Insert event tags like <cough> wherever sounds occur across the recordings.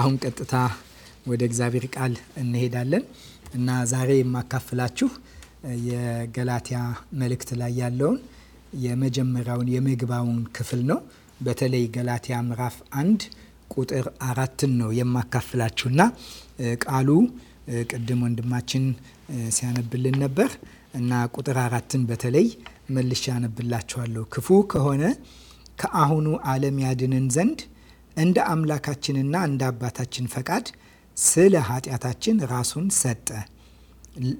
አሁን ቀጥታ ወደ እግዚአብሔር ቃል እንሄዳለን እና ዛሬ የማካፍላችሁ የገላትያ መልእክት ላይ ያለውን የመጀመሪያውን የምግባውን ክፍል ነው። በተለይ ገላትያ ምዕራፍ አንድ ቁጥር አራትን ነው የማካፍላችሁና ቃሉ ቅድም ወንድማችን ሲያነብልን ነበር እና ቁጥር አራትን በተለይ መልሼ ያነብላችኋለሁ። ክፉ ከሆነ ከአሁኑ ዓለም ያድንን ዘንድ እንደ አምላካችንና እንደ አባታችን ፈቃድ ስለ ኃጢአታችን ራሱን ሰጠ።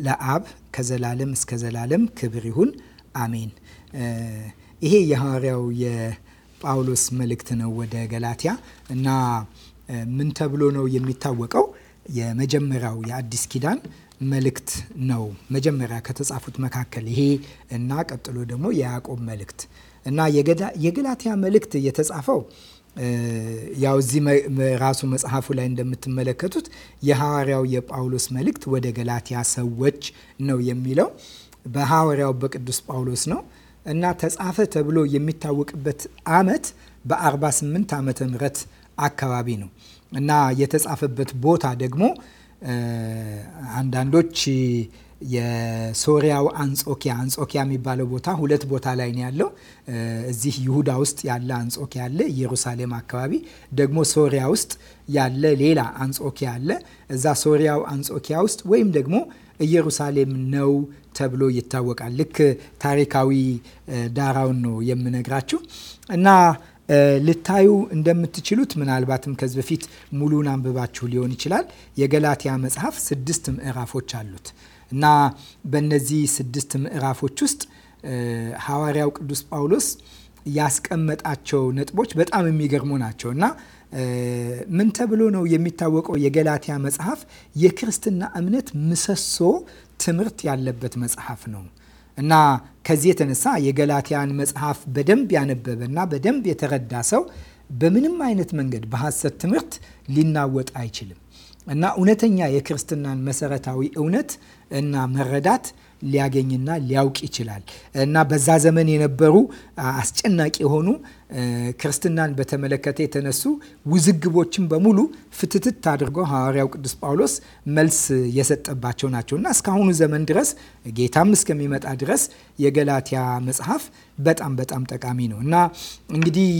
ለአብ ከዘላለም እስከ ዘላለም ክብር ይሁን፣ አሜን። ይሄ የሐዋርያው የጳውሎስ መልእክት ነው ወደ ገላትያ እና ምን ተብሎ ነው የሚታወቀው? የመጀመሪያው የአዲስ ኪዳን መልእክት ነው። መጀመሪያ ከተጻፉት መካከል ይሄ እና ቀጥሎ ደግሞ የያዕቆብ መልእክት እና የገላትያ መልእክት የተጻፈው ያው እዚህ ራሱ መጽሐፉ ላይ እንደምትመለከቱት የሐዋርያው የጳውሎስ መልእክት ወደ ገላትያ ሰዎች ነው የሚለው በሐዋርያው በቅዱስ ጳውሎስ ነው እና ተጻፈ ተብሎ የሚታወቅበት ዓመት በ48 ዓመተ ምህረት አካባቢ ነው እና የተጻፈበት ቦታ ደግሞ አንዳንዶች የሶሪያው አንጾኪያ አንጾኪያ የሚባለው ቦታ ሁለት ቦታ ላይ ነው ያለው። እዚህ ይሁዳ ውስጥ ያለ አንጾኪያ አለ፣ ኢየሩሳሌም አካባቢ ደግሞ ሶሪያ ውስጥ ያለ ሌላ አንጾኪያ አለ። እዛ ሶሪያው አንጾኪያ ውስጥ ወይም ደግሞ ኢየሩሳሌም ነው ተብሎ ይታወቃል። ልክ ታሪካዊ ዳራውን ነው የምነግራችሁ እና ልታዩ እንደምትችሉት ምናልባትም ከዚህ በፊት ሙሉን አንብባችሁ ሊሆን ይችላል። የገላትያ መጽሐፍ ስድስት ምዕራፎች አሉት። እና በእነዚህ ስድስት ምዕራፎች ውስጥ ሐዋርያው ቅዱስ ጳውሎስ ያስቀመጣቸው ነጥቦች በጣም የሚገርሙ ናቸው እና ምን ተብሎ ነው የሚታወቀው? የገላትያ መጽሐፍ የክርስትና እምነት ምሰሶ ትምህርት ያለበት መጽሐፍ ነው እና ከዚህ የተነሳ የገላትያን መጽሐፍ በደንብ ያነበበ እና በደንብ የተረዳ ሰው በምንም አይነት መንገድ በሐሰት ትምህርት ሊናወጥ አይችልም። እና እውነተኛ የክርስትናን መሰረታዊ እውነት እና መረዳት ሊያገኝና ሊያውቅ ይችላል እና በዛ ዘመን የነበሩ አስጨናቂ የሆኑ ክርስትናን በተመለከተ የተነሱ ውዝግቦችን በሙሉ ፍትትት አድርጎ ሐዋርያው ቅዱስ ጳውሎስ መልስ የሰጠባቸው ናቸው እና እስካሁኑ ዘመን ድረስ ጌታም እስከሚመጣ ድረስ የገላትያ መጽሐፍ በጣም በጣም ጠቃሚ ነው እና እንግዲህ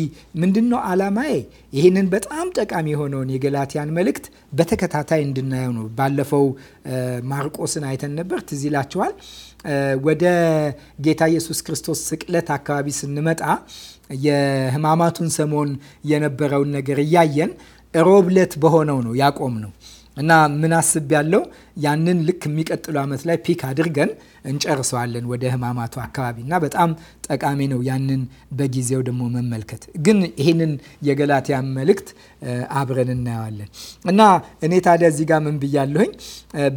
ምንድን ነው አላማዬ? ይህንን በጣም ጠቃሚ የሆነውን የገላትያን መልእክት በተከታታይ እንድናየው ነው። ባለፈው ማርቆስን አይተን ነበር፣ ትዝ ይላችኋል። ወደ ጌታ ኢየሱስ ክርስቶስ ስቅለት አካባቢ ስንመጣ የህማማቱን ሰሞን የነበረውን ነገር እያየን ሮብለት በሆነው ነው ያቆም ነው እና ምን አስብ ያለው ያንን ልክ የሚቀጥሉ ዓመት ላይ ፒክ አድርገን እንጨርሰዋለን ወደ ህማማቱ አካባቢ እና በጣም ጠቃሚ ነው ያንን በጊዜው ደግሞ መመልከት። ግን ይህንን የገላትያ መልእክት አብረን እናየዋለን እና እኔ ታዲያ እዚህ ጋር ምን ብያለሁኝ?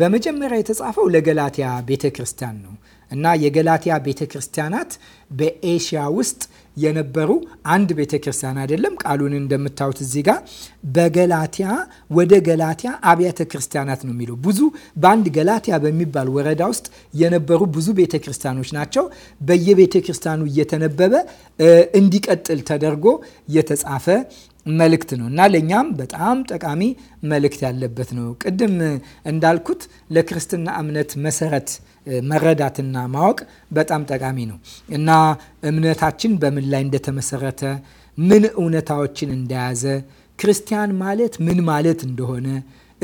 በመጀመሪያ የተጻፈው ለገላትያ ቤተ ክርስቲያን ነው እና የገላትያ ቤተ ክርስቲያናት በኤሽያ ውስጥ የነበሩ አንድ ቤተ ክርስቲያን አይደለም። ቃሉን እንደምታዩት እዚህ ጋር በገላቲያ ወደ ገላቲያ አብያተ ክርስቲያናት ነው የሚለው። ብዙ በአንድ ገላቲያ በሚባል ወረዳ ውስጥ የነበሩ ብዙ ቤተ ክርስቲያኖች ናቸው። በየቤተ ክርስቲያኑ እየተነበበ እንዲቀጥል ተደርጎ የተጻፈ መልእክት ነው እና ለእኛም በጣም ጠቃሚ መልእክት ያለበት ነው። ቅድም እንዳልኩት ለክርስትና እምነት መሰረት መረዳትና ማወቅ በጣም ጠቃሚ ነው እና እምነታችን በምን ላይ እንደተመሰረተ ምን እውነታዎችን እንደያዘ ክርስቲያን ማለት ምን ማለት እንደሆነ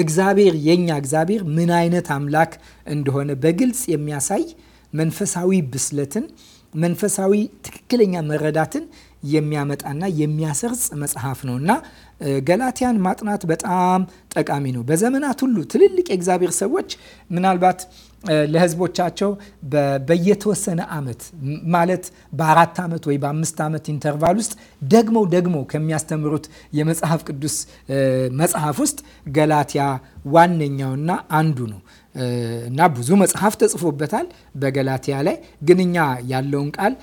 እግዚአብሔር የኛ እግዚአብሔር ምን አይነት አምላክ እንደሆነ በግልጽ የሚያሳይ መንፈሳዊ ብስለትን መንፈሳዊ ትክክለኛ መረዳትን የሚያመጣና የሚያሰርጽ መጽሐፍ ነው እና ገላትያን ማጥናት በጣም ጠቃሚ ነው። በዘመናት ሁሉ ትልልቅ የእግዚአብሔር ሰዎች ምናልባት ለህዝቦቻቸው በየተወሰነ አመት ማለት በአራት ዓመት ወይ በአምስት ዓመት ኢንተርቫል ውስጥ ደግሞ ደግሞ ከሚያስተምሩት የመጽሐፍ ቅዱስ መጽሐፍ ውስጥ ገላትያ ዋነኛውና አንዱ ነው። እና ብዙ መጽሐፍ ተጽፎበታል በገላትያ ላይ ግን እኛ ያለውን ቃል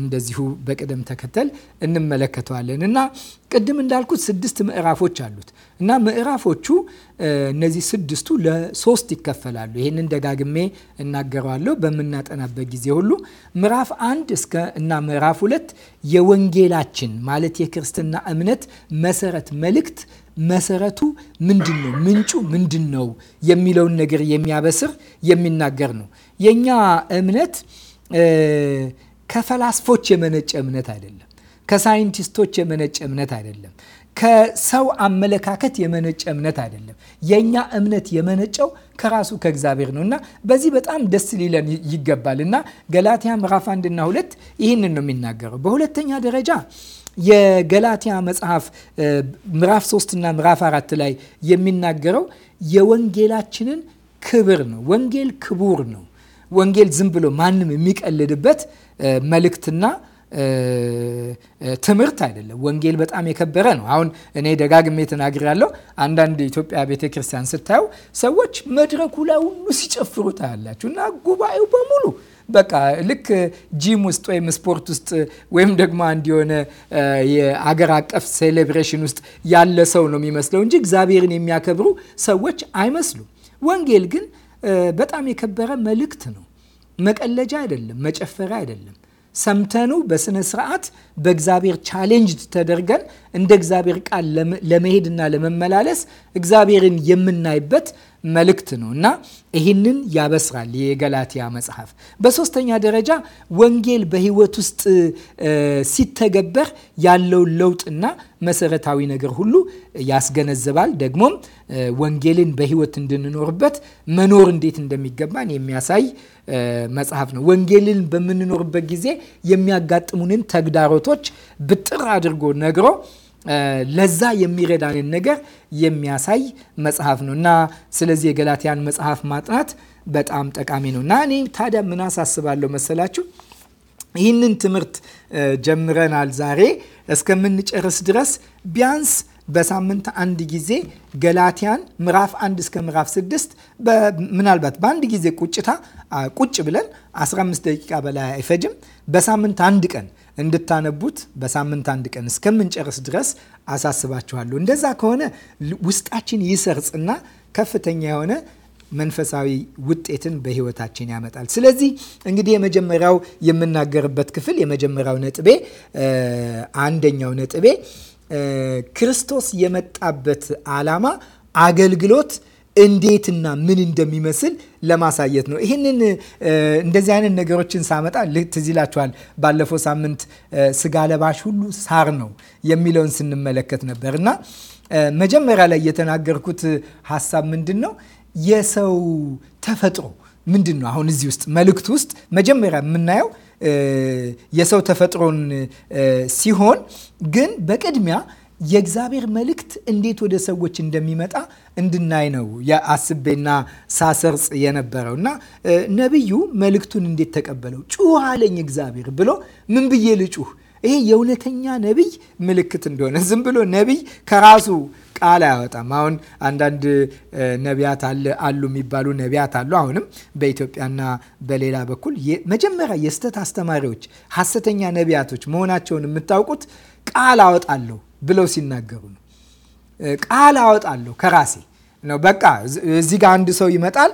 እንደዚሁ በቅደም ተከተል እንመለከተዋለን እና ቅድም እንዳልኩት ስድስት ምዕራፎች አሉት እና ምዕራፎቹ እነዚህ ስድስቱ ለሶስት ይከፈላሉ። ይህንን ደጋግሜ እናገረዋለሁ በምናጠናበት ጊዜ ሁሉ ምዕራፍ አንድ እስከ እና ምዕራፍ ሁለት የወንጌላችን ማለት የክርስትና እምነት መሰረት መልእክት መሰረቱ ምንድን ነው፣ ምንጩ ምንድን ነው የሚለውን ነገር የሚያበስር የሚናገር ነው። የእኛ እምነት ከፈላስፎች የመነጨ እምነት አይደለም። ከሳይንቲስቶች የመነጨ እምነት አይደለም። ከሰው አመለካከት የመነጨ እምነት አይደለም። የእኛ እምነት የመነጨው ከራሱ ከእግዚአብሔር ነው እና በዚህ በጣም ደስ ሊለን ይገባል እና ገላትያ ምዕራፍ አንድና ሁለት ይህንን ነው የሚናገረው። በሁለተኛ ደረጃ የገላትያ መጽሐፍ ምዕራፍ ሶስትና ምዕራፍ አራት ላይ የሚናገረው የወንጌላችንን ክብር ነው። ወንጌል ክቡር ነው። ወንጌል ዝም ብሎ ማንም የሚቀልድበት መልእክትና ትምህርት አይደለም። ወንጌል በጣም የከበረ ነው። አሁን እኔ ደጋግሜ ያለው አንዳንድ ኢትዮጵያ ቤተክርስቲያን ስታዩ ሰዎች መድረኩ ላይ ሁሉ ሲጨፍሩ ታያላችሁ እና ጉባኤው በሙሉ በቃ ልክ ጂም ውስጥ ወይም ስፖርት ውስጥ ወይም ደግሞ አንድ የሆነ የአገር አቀፍ ሴሌብሬሽን ውስጥ ያለ ሰው ነው የሚመስለው እንጂ እግዚአብሔርን የሚያከብሩ ሰዎች አይመስሉም። ወንጌል ግን በጣም የከበረ መልእክት ነው። መቀለጃ አይደለም፣ መጨፈሪያ አይደለም። ሰምተኑ በስነ ስርዓት በእግዚአብሔር ቻሌንጅ ተደርገን እንደ እግዚአብሔር ቃል ለመሄድና ለመመላለስ እግዚአብሔርን የምናይበት መልእክት ነው እና ይህንን ያበስራል የገላትያ መጽሐፍ። በሶስተኛ ደረጃ ወንጌል በህይወት ውስጥ ሲተገበር ያለውን ለውጥና መሰረታዊ ነገር ሁሉ ያስገነዝባል። ደግሞም ወንጌልን በህይወት እንድንኖርበት መኖር እንዴት እንደሚገባን የሚያሳይ መጽሐፍ ነው። ወንጌልን በምንኖርበት ጊዜ የሚያጋጥሙንን ተግዳሮቶች ብጥር አድርጎ ነግሮ ለዛ የሚረዳንን ነገር የሚያሳይ መጽሐፍ ነው እና ስለዚህ የገላትያን መጽሐፍ ማጥናት በጣም ጠቃሚ ነው እና እኔ ታዲያ ምን አሳስባለሁ መሰላችሁ ይህንን ትምህርት ጀምረናል ዛሬ እስከምንጨርስ ድረስ ቢያንስ በሳምንት አንድ ጊዜ ገላትያን ምዕራፍ አንድ እስከ ምዕራፍ ስድስት ምናልባት በአንድ ጊዜ ቁጭታ ቁጭ ብለን 15 ደቂቃ በላይ አይፈጅም። በሳምንት አንድ ቀን እንድታነቡት በሳምንት አንድ ቀን እስከምንጨርስ ድረስ አሳስባችኋለሁ። እንደዛ ከሆነ ውስጣችን ይሰርጽና ከፍተኛ የሆነ መንፈሳዊ ውጤትን በህይወታችን ያመጣል። ስለዚህ እንግዲህ የመጀመሪያው የምናገርበት ክፍል የመጀመሪያው ነጥቤ አንደኛው ነጥቤ ክርስቶስ የመጣበት ዓላማ አገልግሎት እንዴትና ምን እንደሚመስል ለማሳየት ነው። ይህንን እንደዚህ አይነት ነገሮችን ሳመጣ ትዝ ይላችኋል። ባለፈው ሳምንት ስጋ ለባሽ ሁሉ ሳር ነው የሚለውን ስንመለከት ነበር እና መጀመሪያ ላይ የተናገርኩት ሀሳብ ምንድን ነው? የሰው ተፈጥሮ ምንድን ነው? አሁን እዚህ ውስጥ መልእክቱ ውስጥ መጀመሪያ የምናየው የሰው ተፈጥሮን ሲሆን ግን በቅድሚያ የእግዚአብሔር መልእክት እንዴት ወደ ሰዎች እንደሚመጣ እንድናይ ነው አስቤና ሳሰርጽ የነበረው እና ነቢዩ መልእክቱን እንዴት ተቀበለው። ጩኋለኝ እግዚአብሔር ብሎ ምን ብዬ ልጩህ ይሄ የእውነተኛ ነቢይ ምልክት እንደሆነ ዝም ብሎ ነቢይ ከራሱ ቃል አያወጣም። አሁን አንዳንድ ነቢያት አሉ የሚባሉ ነቢያት አሉ። አሁንም በኢትዮጵያና በሌላ በኩል መጀመሪያ የስህተት አስተማሪዎች ሐሰተኛ ነቢያቶች መሆናቸውን የምታውቁት ቃል አወጣለሁ ብለው ሲናገሩ ነው። ቃል አወጣለሁ ከራሴ ነው። በቃ እዚህ ጋር አንድ ሰው ይመጣል፣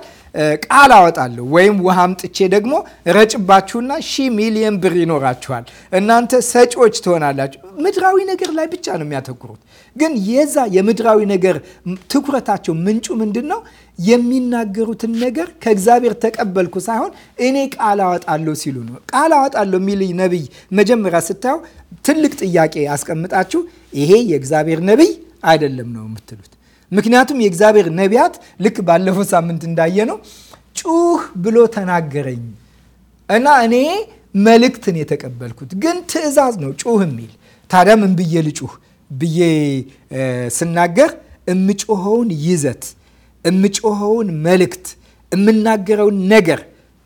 ቃል አወጣለሁ ወይም ውሃም ጥቼ ደግሞ ረጭባችሁና ሺ ሚሊየን ብር ይኖራችኋል፣ እናንተ ሰጪዎች ትሆናላችሁ። ምድራዊ ነገር ላይ ብቻ ነው የሚያተኩሩት። ግን የዛ የምድራዊ ነገር ትኩረታቸው ምንጩ ምንድን ነው? የሚናገሩትን ነገር ከእግዚአብሔር ተቀበልኩ ሳይሆን እኔ ቃል አወጣለሁ ሲሉ ነው። ቃል አወጣለሁ የሚል ነቢይ መጀመሪያ ስታየው ትልቅ ጥያቄ አስቀምጣችሁ ይሄ የእግዚአብሔር ነቢይ አይደለም ነው የምትሉት ምክንያቱም የእግዚአብሔር ነቢያት ልክ ባለፈው ሳምንት እንዳየ ነው ጩህ ብሎ ተናገረኝ እና እኔ መልእክትን የተቀበልኩት ግን ትእዛዝ ነው ጩህ የሚል ታዲያ ምን ብዬ ልጩህ ብዬ ስናገር እምጮኸውን ይዘት እምጮኸውን መልእክት የምናገረውን ነገር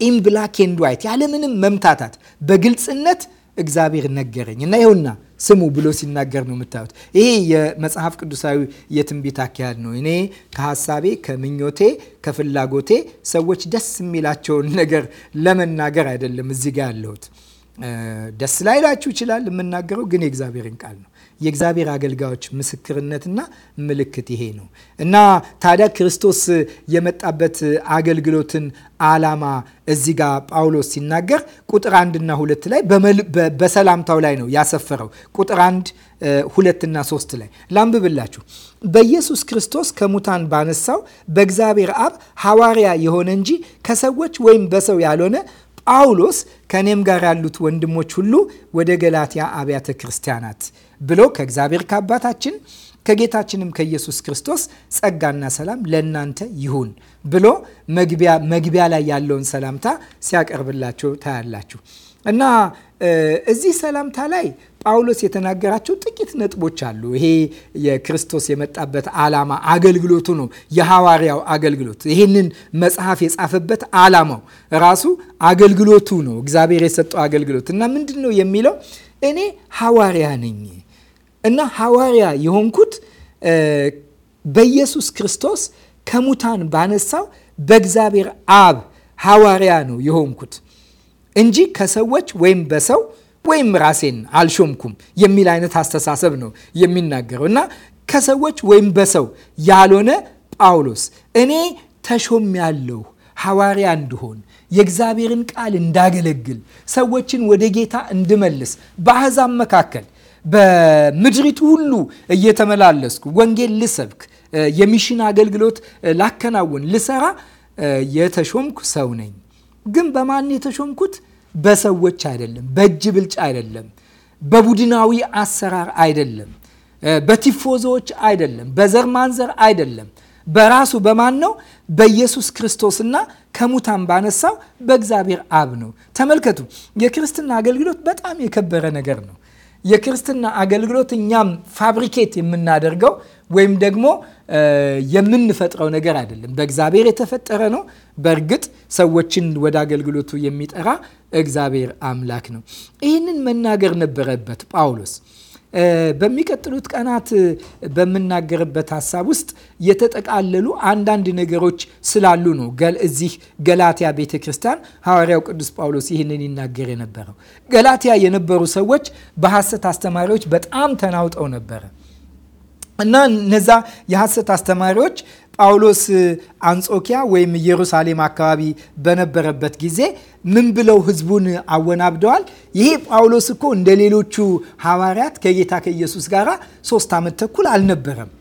ኢን ብላክ ኤንድ ዋይት ያለምንም መምታታት በግልጽነት እግዚአብሔር ነገረኝ እና ይኸውና ስሙ ብሎ ሲናገር ነው የምታዩት። ይሄ የመጽሐፍ ቅዱሳዊ የትንቢት አካሄድ ነው። እኔ ከሀሳቤ፣ ከምኞቴ፣ ከፍላጎቴ ሰዎች ደስ የሚላቸውን ነገር ለመናገር አይደለም እዚህ ጋር ያለሁት። ደስ ላይላችሁ ይችላል። የምናገረው ግን የእግዚአብሔርን ቃል ነው። የእግዚአብሔር አገልጋዮች ምስክርነትና ምልክት ይሄ ነው እና ታዲያ ክርስቶስ የመጣበት አገልግሎትን ዓላማ እዚህ ጋር ጳውሎስ ሲናገር ቁጥር አንድና ሁለት ላይ በሰላምታው ላይ ነው ያሰፈረው። ቁጥር አንድ ሁለትና ሶስት ላይ ላንብብላችሁ። በኢየሱስ ክርስቶስ ከሙታን ባነሳው በእግዚአብሔር አብ ሐዋርያ የሆነ እንጂ ከሰዎች ወይም በሰው ያልሆነ ጳውሎስ ከእኔም ጋር ያሉት ወንድሞች ሁሉ ወደ ገላትያ አብያተ ክርስቲያናት ብሎ ከእግዚአብሔር ከአባታችን ከጌታችንም ከኢየሱስ ክርስቶስ ጸጋና ሰላም ለእናንተ ይሁን ብሎ መግቢያ ላይ ያለውን ሰላምታ ሲያቀርብላቸው ታያላችሁ እና እዚህ ሰላምታ ላይ ጳውሎስ የተናገራቸው ጥቂት ነጥቦች አሉ። ይሄ የክርስቶስ የመጣበት ዓላማ አገልግሎቱ ነው፣ የሐዋርያው አገልግሎት። ይህንን መጽሐፍ የጻፈበት ዓላማው ራሱ አገልግሎቱ ነው፣ እግዚአብሔር የሰጠው አገልግሎት እና ምንድን ነው የሚለው እኔ ሐዋርያ ነኝ እና ሐዋርያ የሆንኩት በኢየሱስ ክርስቶስ ከሙታን ባነሳው በእግዚአብሔር አብ ሐዋርያ ነው የሆንኩት እንጂ ከሰዎች ወይም በሰው ወይም ራሴን አልሾምኩም የሚል አይነት አስተሳሰብ ነው የሚናገረው እና ከሰዎች ወይም በሰው ያልሆነ ጳውሎስ እኔ ተሾም ያለሁ ሐዋርያ እንድሆን የእግዚአብሔርን ቃል እንዳገለግል ሰዎችን ወደ ጌታ እንድመልስ በአሕዛብ መካከል በምድሪቱ ሁሉ እየተመላለስኩ ወንጌል ልሰብክ የሚሽን አገልግሎት ላከናውን ልሰራ የተሾምኩ ሰው ነኝ። ግን በማን የተሾምኩት? በሰዎች አይደለም፣ በእጅ ብልጫ አይደለም፣ በቡድናዊ አሰራር አይደለም፣ በቲፎዞዎች አይደለም፣ በዘር ማንዘር አይደለም። በራሱ በማን ነው? በኢየሱስ ክርስቶስና ከሙታን ባነሳው በእግዚአብሔር አብ ነው። ተመልከቱ፣ የክርስትና አገልግሎት በጣም የከበረ ነገር ነው። የክርስትና አገልግሎት እኛም ፋብሪኬት የምናደርገው ወይም ደግሞ የምንፈጥረው ነገር አይደለም። በእግዚአብሔር የተፈጠረ ነው። በእርግጥ ሰዎችን ወደ አገልግሎቱ የሚጠራ እግዚአብሔር አምላክ ነው። ይህንን መናገር ነበረበት ጳውሎስ። በሚቀጥሉት ቀናት በምናገርበት ሀሳብ ውስጥ የተጠቃለሉ አንዳንድ ነገሮች ስላሉ ነው። እዚህ ገላትያ ቤተ ክርስቲያን ሐዋርያው ቅዱስ ጳውሎስ ይህንን ይናገር የነበረው። ገላትያ የነበሩ ሰዎች በሐሰት አስተማሪዎች በጣም ተናውጠው ነበረ። እና እነዛ የሐሰት አስተማሪዎች ጳውሎስ አንጾኪያ ወይም ኢየሩሳሌም አካባቢ በነበረበት ጊዜ ምን ብለው ህዝቡን አወናብደዋል? ይሄ ጳውሎስ እኮ እንደ ሌሎቹ ሐዋርያት ከጌታ ከኢየሱስ ጋር ሶስት ዓመት ተኩል አልነበረም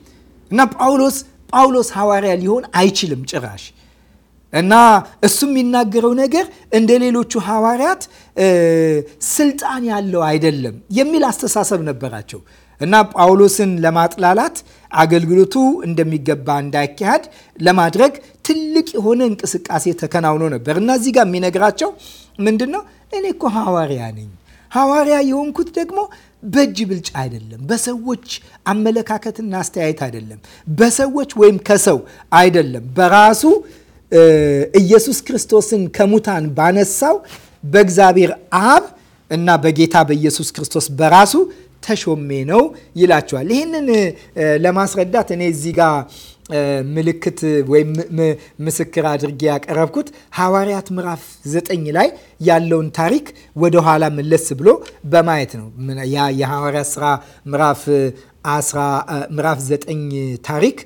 እና ጳውሎስ ጳውሎስ ሐዋርያ ሊሆን አይችልም ጭራሽ እና እሱ የሚናገረው ነገር እንደ ሌሎቹ ሐዋርያት ስልጣን ያለው አይደለም የሚል አስተሳሰብ ነበራቸው። እና ጳውሎስን ለማጥላላት አገልግሎቱ እንደሚገባ እንዳይካሄድ ለማድረግ ትልቅ የሆነ እንቅስቃሴ ተከናውኖ ነበር እና እዚህ ጋር የሚነግራቸው ምንድን ነው? እኔ እኮ ሐዋርያ ነኝ። ሐዋርያ የሆንኩት ደግሞ በእጅ ብልጫ አይደለም፣ በሰዎች አመለካከትና አስተያየት አይደለም፣ በሰዎች ወይም ከሰው አይደለም፣ በራሱ ኢየሱስ ክርስቶስን ከሙታን ባነሳው በእግዚአብሔር አብ እና በጌታ በኢየሱስ ክርስቶስ በራሱ ተሾሜ ነው ይላቸዋል። ይህንን ለማስረዳት እኔ እዚህ ጋር ምልክት ወይም ምስክር አድርጌ ያቀረብኩት ሐዋርያት ምዕራፍ ዘጠኝ ላይ ያለውን ታሪክ ወደኋላ መለስ ብሎ በማየት ነው። የሐዋርያት ስራ ምዕራፍ ዘጠኝ ታሪክ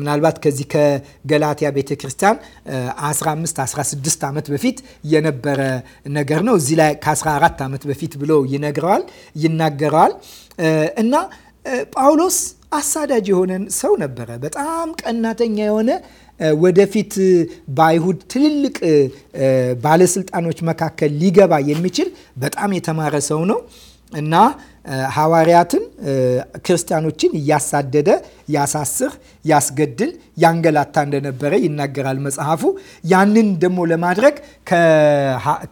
ምናልባት ከዚህ ከገላትያ ቤተ ክርስቲያን 15 16 ዓመት በፊት የነበረ ነገር ነው። እዚህ ላይ ከ14 ዓመት በፊት ብሎ ይነግረዋል ይናገረዋል እና ጳውሎስ አሳዳጅ የሆነ ሰው ነበረ። በጣም ቀናተኛ የሆነ ወደፊት በአይሁድ ትልልቅ ባለስልጣኖች መካከል ሊገባ የሚችል በጣም የተማረ ሰው ነው እና ሐዋርያትን ክርስቲያኖችን እያሳደደ ያሳስር፣ ያስገድል፣ ያንገላታ እንደነበረ ይናገራል መጽሐፉ። ያንን ደግሞ ለማድረግ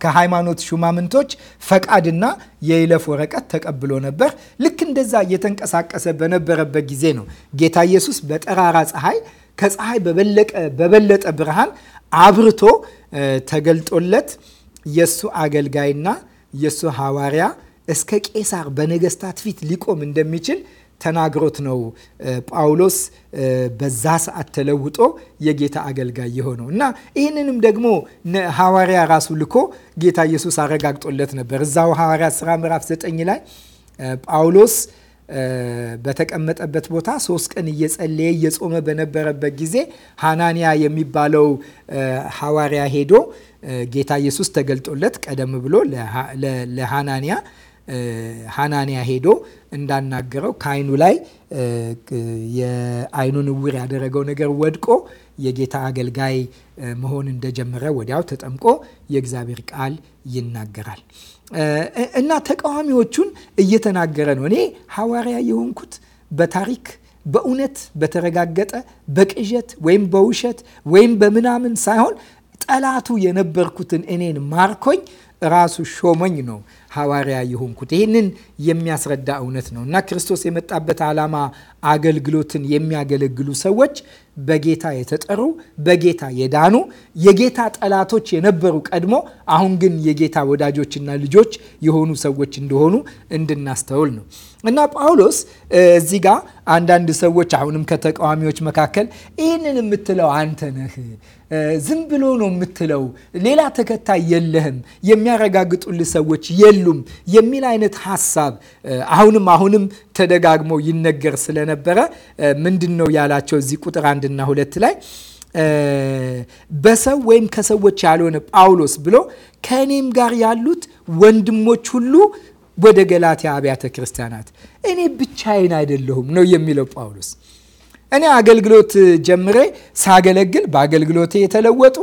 ከሃይማኖት ሹማምንቶች ፈቃድና የይለፍ ወረቀት ተቀብሎ ነበር። ልክ እንደዛ እየተንቀሳቀሰ በነበረበት ጊዜ ነው ጌታ ኢየሱስ በጠራራ ፀሐይ ከፀሐይ በበለጠ ብርሃን አብርቶ ተገልጦለት የእሱ አገልጋይና የእሱ ሐዋርያ እስከ ቄሳር በነገስታት ፊት ሊቆም እንደሚችል ተናግሮት ነው ጳውሎስ በዛ ሰዓት ተለውጦ የጌታ አገልጋይ የሆነው እና ይህንንም ደግሞ ሐዋርያ ራሱ ልኮ ጌታ ኢየሱስ አረጋግጦለት ነበር። እዛው ሐዋርያ ስራ ምዕራፍ 9 ላይ ጳውሎስ በተቀመጠበት ቦታ ሶስት ቀን እየጸለየ እየጾመ በነበረበት ጊዜ ሃናንያ የሚባለው ሐዋርያ ሄዶ ጌታ ኢየሱስ ተገልጦለት ቀደም ብሎ ለሃናንያ ሃናንያ ሄዶ እንዳናገረው ከአይኑ ላይ የአይኑን እውር ያደረገው ነገር ወድቆ የጌታ አገልጋይ መሆን እንደጀመረ ወዲያው ተጠምቆ የእግዚአብሔር ቃል ይናገራል እና ተቃዋሚዎቹን እየተናገረ ነው። እኔ ሐዋርያ የሆንኩት በታሪክ በእውነት በተረጋገጠ በቅዠት ወይም በውሸት ወይም በምናምን ሳይሆን ጠላቱ የነበርኩትን እኔን ማርኮኝ ራሱ ሾመኝ ነው ሐዋርያ የሆንኩት። ይህንን የሚያስረዳ እውነት ነው እና ክርስቶስ የመጣበት ዓላማ አገልግሎትን የሚያገለግሉ ሰዎች በጌታ የተጠሩ፣ በጌታ የዳኑ፣ የጌታ ጠላቶች የነበሩ ቀድሞ፣ አሁን ግን የጌታ ወዳጆችና ልጆች የሆኑ ሰዎች እንደሆኑ እንድናስተውል ነው እና ጳውሎስ እዚህ ጋር አንዳንድ ሰዎች አሁንም ከተቃዋሚዎች መካከል ይህንን የምትለው አንተ ነህ ዝም ብሎ ነው የምትለው፣ ሌላ ተከታይ የለህም፣ የሚያረጋግጡልህ ሰዎች የሉም የሚል አይነት ሀሳብ አሁንም አሁንም ተደጋግሞ ይነገር ስለነበረ ምንድን ነው ያላቸው እዚህ ቁጥር አንድና ሁለት ላይ በሰው ወይም ከሰዎች ያልሆነ ጳውሎስ ብሎ ከእኔም ጋር ያሉት ወንድሞች ሁሉ ወደ ገላትያ አብያተ ክርስቲያናት እኔ ብቻዬን አይደለሁም ነው የሚለው ጳውሎስ እኔ አገልግሎት ጀምሬ ሳገለግል በአገልግሎቴ የተለወጡ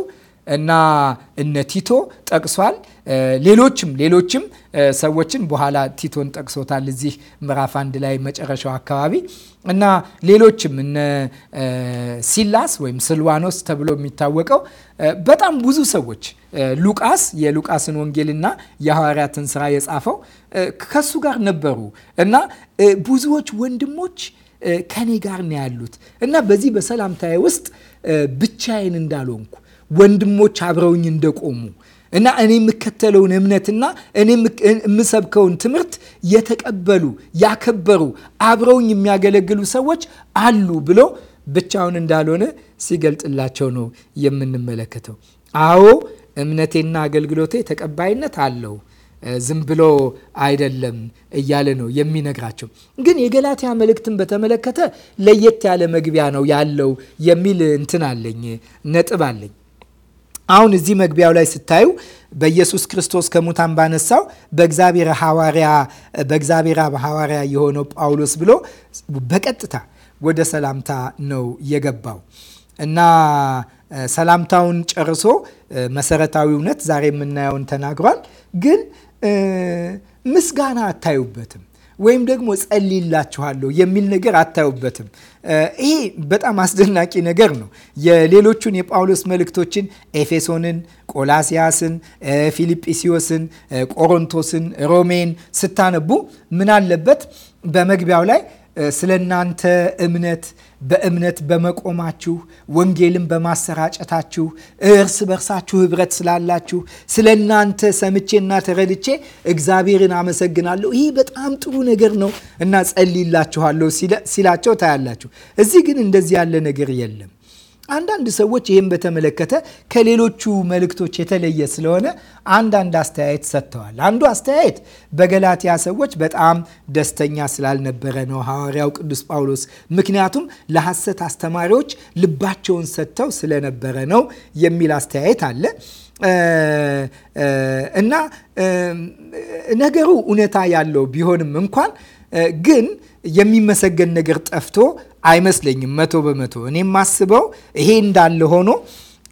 እና እነ ቲቶ ጠቅሷል። ሌሎችም ሌሎችም ሰዎችን በኋላ ቲቶን ጠቅሶታል እዚህ ምዕራፍ አንድ ላይ መጨረሻው አካባቢ እና ሌሎችም እነ ሲላስ ወይም ስልዋኖስ ተብሎ የሚታወቀው በጣም ብዙ ሰዎች ሉቃስ የሉቃስን ወንጌልና የሐዋርያትን ስራ የጻፈው ከሱ ጋር ነበሩ እና ብዙዎች ወንድሞች ከኔ ጋር ነው ያሉት እና በዚህ በሰላምታዬ ውስጥ ብቻዬን እንዳልሆንኩ ወንድሞች አብረውኝ እንደቆሙ እና እኔ የምከተለውን እምነትና እኔ የምሰብከውን ትምህርት የተቀበሉ ያከበሩ አብረውኝ የሚያገለግሉ ሰዎች አሉ ብሎ ብቻውን እንዳልሆነ ሲገልጥላቸው ነው የምንመለከተው። አዎ እምነቴና አገልግሎቴ ተቀባይነት አለው። ዝም ብሎ አይደለም እያለ ነው የሚነግራቸው። ግን የገላትያ መልእክትን በተመለከተ ለየት ያለ መግቢያ ነው ያለው የሚል እንትን አለኝ ነጥብ አለኝ። አሁን እዚህ መግቢያው ላይ ስታዩ በኢየሱስ ክርስቶስ ከሙታን ባነሳው በእግዚአብሔር ሐዋርያ በእግዚአብሔር አብ ሐዋርያ የሆነው ጳውሎስ ብሎ በቀጥታ ወደ ሰላምታ ነው የገባው እና ሰላምታውን ጨርሶ መሰረታዊ እውነት ዛሬ የምናየውን ተናግሯል። ግን ምስጋና አታዩበትም ወይም ደግሞ ጸልይላችኋለሁ የሚል ነገር አታዩበትም። ይሄ በጣም አስደናቂ ነገር ነው። የሌሎቹን የጳውሎስ መልእክቶችን ኤፌሶንን፣ ቆላሲያስን፣ ፊልጵስዮስን፣ ቆሮንቶስን፣ ሮሜን ስታነቡ ምን አለበት በመግቢያው ላይ ስለ እናንተ እምነት በእምነት በመቆማችሁ ወንጌልን በማሰራጨታችሁ እርስ በርሳችሁ ህብረት ስላላችሁ ስለ እናንተ ሰምቼና ተረድቼ እግዚአብሔርን አመሰግናለሁ። ይህ በጣም ጥሩ ነገር ነው እና ጸልይላችኋለሁ ሲላቸው ታያላችሁ። እዚህ ግን እንደዚህ ያለ ነገር የለም። አንዳንድ ሰዎች ይህን በተመለከተ ከሌሎቹ መልእክቶች የተለየ ስለሆነ አንዳንድ አስተያየት ሰጥተዋል። አንዱ አስተያየት በገላትያ ሰዎች በጣም ደስተኛ ስላልነበረ ነው ሐዋርያው ቅዱስ ጳውሎስ፣ ምክንያቱም ለሐሰት አስተማሪዎች ልባቸውን ሰጥተው ስለነበረ ነው የሚል አስተያየት አለ እና ነገሩ እውነታ ያለው ቢሆንም እንኳን ግን የሚመሰገን ነገር ጠፍቶ አይመስለኝም። መቶ በመቶ እኔም ማስበው ይሄ እንዳለ ሆኖ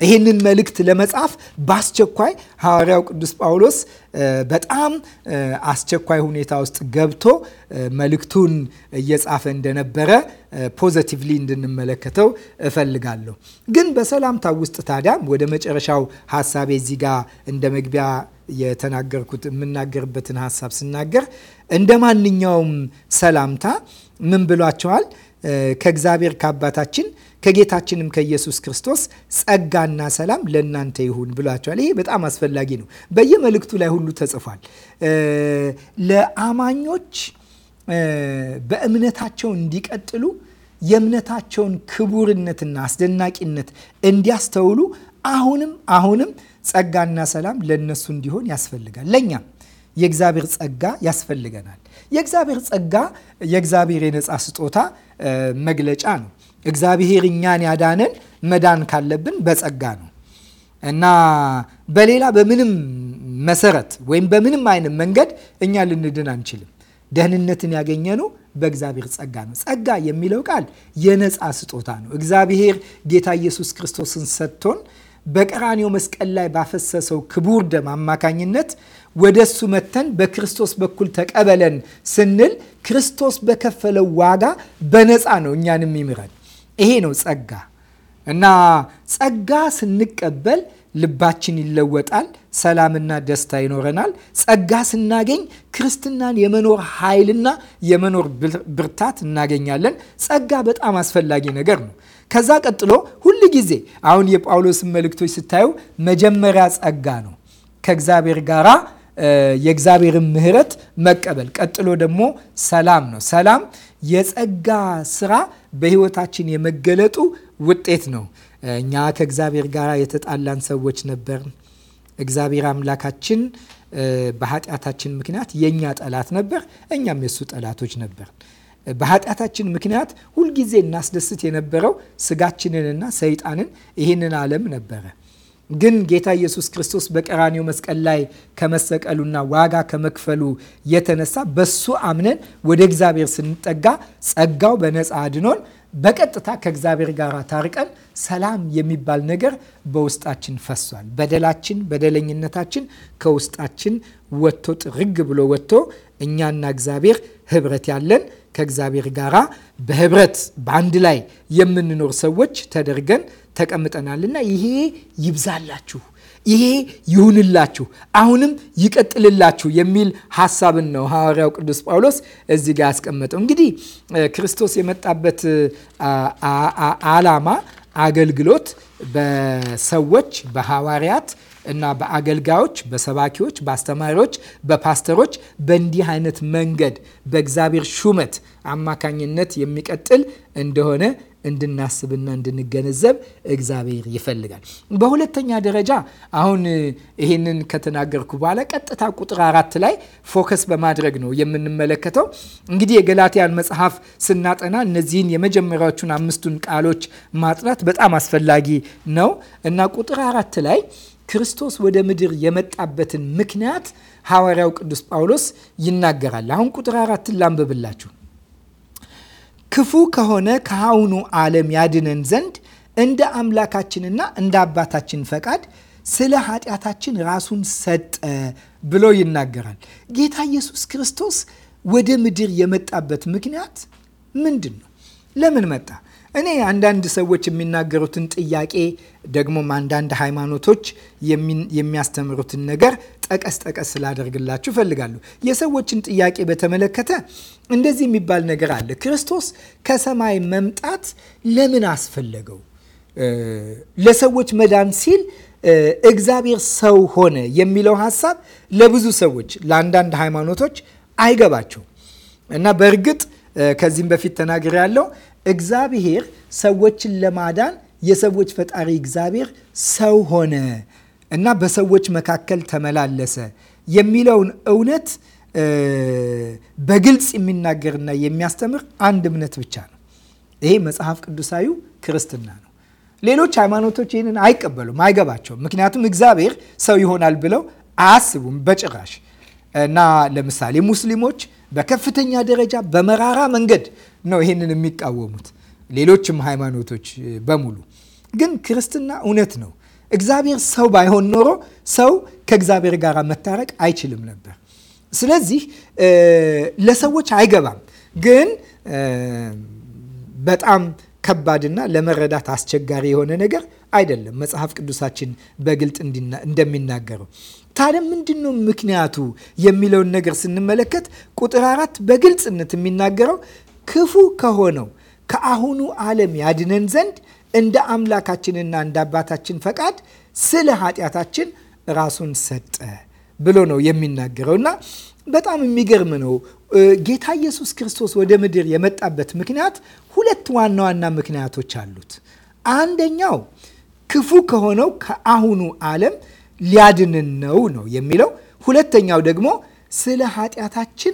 ይህንን መልእክት ለመጻፍ በአስቸኳይ ሐዋርያው ቅዱስ ጳውሎስ በጣም አስቸኳይ ሁኔታ ውስጥ ገብቶ መልእክቱን እየጻፈ እንደነበረ ፖዘቲቭሊ እንድንመለከተው እፈልጋለሁ። ግን በሰላምታ ውስጥ ታዲያ ወደ መጨረሻው ሀሳቤ እዚህ ጋ እንደ መግቢያ የተናገርኩት የምናገርበትን ሀሳብ ስናገር እንደ ማንኛውም ሰላምታ ምን ብሏቸዋል? ከእግዚአብሔር ከአባታችን ከጌታችንም ከኢየሱስ ክርስቶስ ጸጋና ሰላም ለእናንተ ይሁን ብሏቸዋል። ይሄ በጣም አስፈላጊ ነው። በየመልእክቱ ላይ ሁሉ ተጽፏል። ለአማኞች በእምነታቸው እንዲቀጥሉ የእምነታቸውን ክቡርነትና አስደናቂነት እንዲያስተውሉ አሁንም አሁንም ጸጋና ሰላም ለእነሱ እንዲሆን ያስፈልጋል። ለእኛም የእግዚአብሔር ጸጋ ያስፈልገናል። የእግዚአብሔር ጸጋ የእግዚአብሔር የነፃ ስጦታ መግለጫ ነው። እግዚአብሔር እኛን ያዳነን መዳን ካለብን በጸጋ ነው እና በሌላ በምንም መሰረት ወይም በምንም አይነት መንገድ እኛ ልንድን አንችልም። ደህንነትን ያገኘነው በእግዚአብሔር ጸጋ ነው። ጸጋ የሚለው ቃል የነፃ ስጦታ ነው። እግዚአብሔር ጌታ ኢየሱስ ክርስቶስን ሰጥቶን በቀራኔው መስቀል ላይ ባፈሰሰው ክቡር ደም አማካኝነት ወደ እሱ መተን በክርስቶስ በኩል ተቀበለን ስንል ክርስቶስ በከፈለው ዋጋ በነፃ ነው እኛን የሚምረን። ይሄ ነው ጸጋ። እና ጸጋ ስንቀበል ልባችን ይለወጣል፣ ሰላምና ደስታ ይኖረናል። ጸጋ ስናገኝ ክርስትናን የመኖር ኃይልና የመኖር ብርታት እናገኛለን። ጸጋ በጣም አስፈላጊ ነገር ነው። ከዛ ቀጥሎ ሁል ጊዜ አሁን የጳውሎስን መልእክቶች ስታዩ መጀመሪያ ጸጋ ነው ከእግዚአብሔር ጋራ የእግዚአብሔርን ምሕረት መቀበል። ቀጥሎ ደግሞ ሰላም ነው። ሰላም የጸጋ ስራ በህይወታችን የመገለጡ ውጤት ነው። እኛ ከእግዚአብሔር ጋር የተጣላን ሰዎች ነበር። እግዚአብሔር አምላካችን በኃጢአታችን ምክንያት የእኛ ጠላት ነበር፣ እኛም የሱ ጠላቶች ነበር። በኃጢአታችን ምክንያት ሁልጊዜ እናስደስት የነበረው ስጋችንንና ሰይጣንን ይህንን ዓለም ነበረ። ግን ጌታ ኢየሱስ ክርስቶስ በቀራኒው መስቀል ላይ ከመሰቀሉና ዋጋ ከመክፈሉ የተነሳ በሱ አምነን ወደ እግዚአብሔር ስንጠጋ ጸጋው በነፃ አድኖን በቀጥታ ከእግዚአብሔር ጋር ታርቀን ሰላም የሚባል ነገር በውስጣችን ፈሷል። በደላችን፣ በደለኝነታችን ከውስጣችን ወጥቶ ጥርግ ብሎ ወጥቶ እኛና እግዚአብሔር ህብረት ያለን ከእግዚአብሔር ጋራ በህብረት በአንድ ላይ የምንኖር ሰዎች ተደርገን ተቀምጠናልና ይሄ ይብዛላችሁ፣ ይሄ ይሁንላችሁ፣ አሁንም ይቀጥልላችሁ የሚል ሀሳብን ነው ሐዋርያው ቅዱስ ጳውሎስ እዚህ ጋር ያስቀመጠው። እንግዲህ ክርስቶስ የመጣበት ዓላማ አገልግሎት በሰዎች በሐዋርያት እና በአገልጋዮች፣ በሰባኪዎች፣ በአስተማሪዎች፣ በፓስተሮች በእንዲህ አይነት መንገድ በእግዚአብሔር ሹመት አማካኝነት የሚቀጥል እንደሆነ እንድናስብና እንድንገነዘብ እግዚአብሔር ይፈልጋል። በሁለተኛ ደረጃ አሁን ይህንን ከተናገርኩ በኋላ ቀጥታ ቁጥር አራት ላይ ፎከስ በማድረግ ነው የምንመለከተው። እንግዲህ የገላትያን መጽሐፍ ስናጠና እነዚህን የመጀመሪያዎቹን አምስቱን ቃሎች ማጥናት በጣም አስፈላጊ ነው እና ቁጥር አራት ላይ ክርስቶስ ወደ ምድር የመጣበትን ምክንያት ሐዋርያው ቅዱስ ጳውሎስ ይናገራል። አሁን ቁጥር አራትን ላንብብላችሁ። ክፉ ከሆነ ከአሁኑ ዓለም ያድነን ዘንድ እንደ አምላካችንና እንደ አባታችን ፈቃድ ስለ ኃጢአታችን ራሱን ሰጠ ብሎ ይናገራል። ጌታ ኢየሱስ ክርስቶስ ወደ ምድር የመጣበት ምክንያት ምንድን ነው? ለምን መጣ? እኔ አንዳንድ ሰዎች የሚናገሩትን ጥያቄ ደግሞም አንዳንድ ሃይማኖቶች የሚያስተምሩትን ነገር ጠቀስ ጠቀስ ስላደርግላችሁ እፈልጋለሁ። የሰዎችን ጥያቄ በተመለከተ እንደዚህ የሚባል ነገር አለ። ክርስቶስ ከሰማይ መምጣት ለምን አስፈለገው? ለሰዎች መዳን ሲል እግዚአብሔር ሰው ሆነ የሚለው ሀሳብ ለብዙ ሰዎች፣ ለአንዳንድ ሃይማኖቶች አይገባቸው እና በእርግጥ ከዚህም በፊት ተናግሬ ያለው እግዚአብሔር ሰዎችን ለማዳን የሰዎች ፈጣሪ እግዚአብሔር ሰው ሆነ እና በሰዎች መካከል ተመላለሰ የሚለውን እውነት በግልጽ የሚናገርና የሚያስተምር አንድ እምነት ብቻ ነው። ይሄ መጽሐፍ ቅዱሳዊ ክርስትና ነው። ሌሎች ሃይማኖቶች ይህንን አይቀበሉም፣ አይገባቸውም። ምክንያቱም እግዚአብሔር ሰው ይሆናል ብለው አያስቡም በጭራሽ እና ለምሳሌ ሙስሊሞች በከፍተኛ ደረጃ በመራራ መንገድ ነው ይህንን የሚቃወሙት ሌሎችም ሃይማኖቶች በሙሉ። ግን ክርስትና እውነት ነው። እግዚአብሔር ሰው ባይሆን ኖሮ ሰው ከእግዚአብሔር ጋር መታረቅ አይችልም ነበር። ስለዚህ ለሰዎች አይገባም። ግን በጣም ከባድና ለመረዳት አስቸጋሪ የሆነ ነገር አይደለም። መጽሐፍ ቅዱሳችን በግልጥ እንደሚናገረው ታዲያ ምንድን ነው ምክንያቱ የሚለውን ነገር ስንመለከት ቁጥር አራት በግልጽነት የሚናገረው ክፉ ከሆነው ከአሁኑ ዓለም ያድነን ዘንድ እንደ አምላካችንና እንደ አባታችን ፈቃድ ስለ ኃጢአታችን ራሱን ሰጠ ብሎ ነው የሚናገረው እና በጣም የሚገርም ነው። ጌታ ኢየሱስ ክርስቶስ ወደ ምድር የመጣበት ምክንያት ሁለት ዋና ዋና ምክንያቶች አሉት። አንደኛው ክፉ ከሆነው ከአሁኑ ዓለም ሊያድንን ነው ነው የሚለው ሁለተኛው ደግሞ ስለ ኃጢአታችን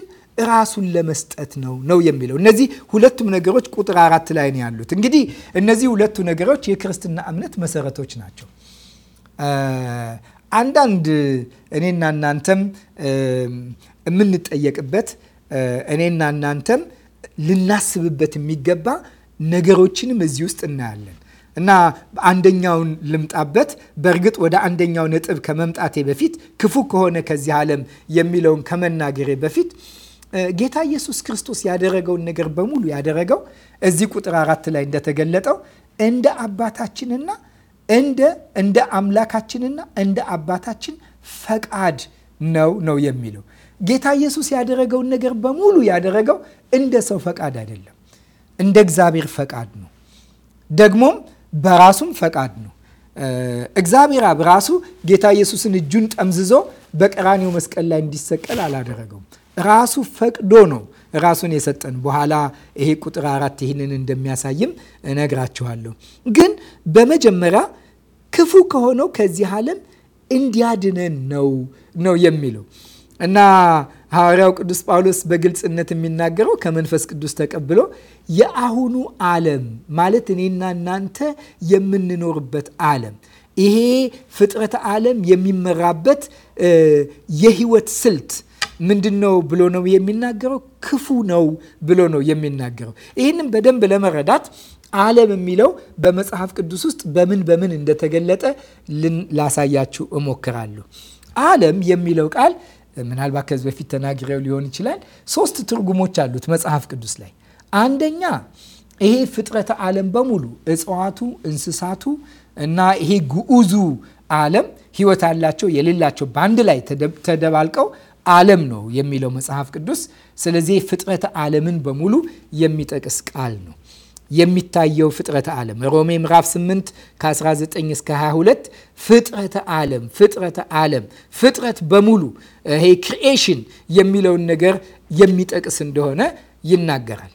ራሱን ለመስጠት ነው ነው የሚለው። እነዚህ ሁለቱም ነገሮች ቁጥር አራት ላይ ነው ያሉት። እንግዲህ እነዚህ ሁለቱ ነገሮች የክርስትና እምነት መሰረቶች ናቸው። አንዳንድ እኔና እናንተም የምንጠየቅበት እኔና እናንተም ልናስብበት የሚገባ ነገሮችንም እዚህ ውስጥ እናያለን እና አንደኛውን ልምጣበት። በእርግጥ ወደ አንደኛው ነጥብ ከመምጣቴ በፊት ክፉ ከሆነ ከዚህ ዓለም የሚለውን ከመናገሬ በፊት ጌታ ኢየሱስ ክርስቶስ ያደረገውን ነገር በሙሉ ያደረገው እዚህ ቁጥር አራት ላይ እንደተገለጠው እንደ አባታችንና እንደ እንደ አምላካችንና እንደ አባታችን ፈቃድ ነው ነው የሚለው ጌታ ኢየሱስ ያደረገውን ነገር በሙሉ ያደረገው እንደ ሰው ፈቃድ አይደለም፣ እንደ እግዚአብሔር ፈቃድ ነው። ደግሞም በራሱም ፈቃድ ነው። እግዚአብሔር አብ ራሱ ጌታ ኢየሱስን እጁን ጠምዝዞ በቀራኒው መስቀል ላይ እንዲሰቀል አላደረገውም። ራሱ ፈቅዶ ነው ራሱን የሰጠን። በኋላ ይሄ ቁጥር አራት ይህንን እንደሚያሳይም እነግራችኋለሁ። ግን በመጀመሪያ ክፉ ከሆነው ከዚህ ዓለም እንዲያድነን ነው ነው የሚለው እና ሐዋርያው ቅዱስ ጳውሎስ በግልጽነት የሚናገረው ከመንፈስ ቅዱስ ተቀብሎ የአሁኑ ዓለም ማለት እኔና እናንተ የምንኖርበት ዓለም ይሄ ፍጥረተ ዓለም የሚመራበት የህይወት ስልት ምንድን ነው ብሎ ነው የሚናገረው? ክፉ ነው ብሎ ነው የሚናገረው። ይህንም በደንብ ለመረዳት ዓለም የሚለው በመጽሐፍ ቅዱስ ውስጥ በምን በምን እንደተገለጠ ላሳያችሁ እሞክራለሁ። ዓለም የሚለው ቃል ምናልባት ከዚህ በፊት ተናግሬው ሊሆን ይችላል። ሶስት ትርጉሞች አሉት መጽሐፍ ቅዱስ ላይ። አንደኛ ይሄ ፍጥረተ ዓለም በሙሉ እጽዋቱ፣ እንስሳቱ እና ይሄ ግዑዙ ዓለም ህይወት ያላቸው የሌላቸው በአንድ ላይ ተደባልቀው ዓለም ነው የሚለው መጽሐፍ ቅዱስ። ስለዚህ ፍጥረተ ዓለምን በሙሉ የሚጠቅስ ቃል ነው። የሚታየው ፍጥረተ ዓለም ሮሜ ምዕራፍ 8 ከ19 እስከ 22 ፍጥረተ ዓለም ፍጥረተ ዓለም ፍጥረት በሙሉ ይሄ ክሪኤሽን የሚለውን ነገር የሚጠቅስ እንደሆነ ይናገራል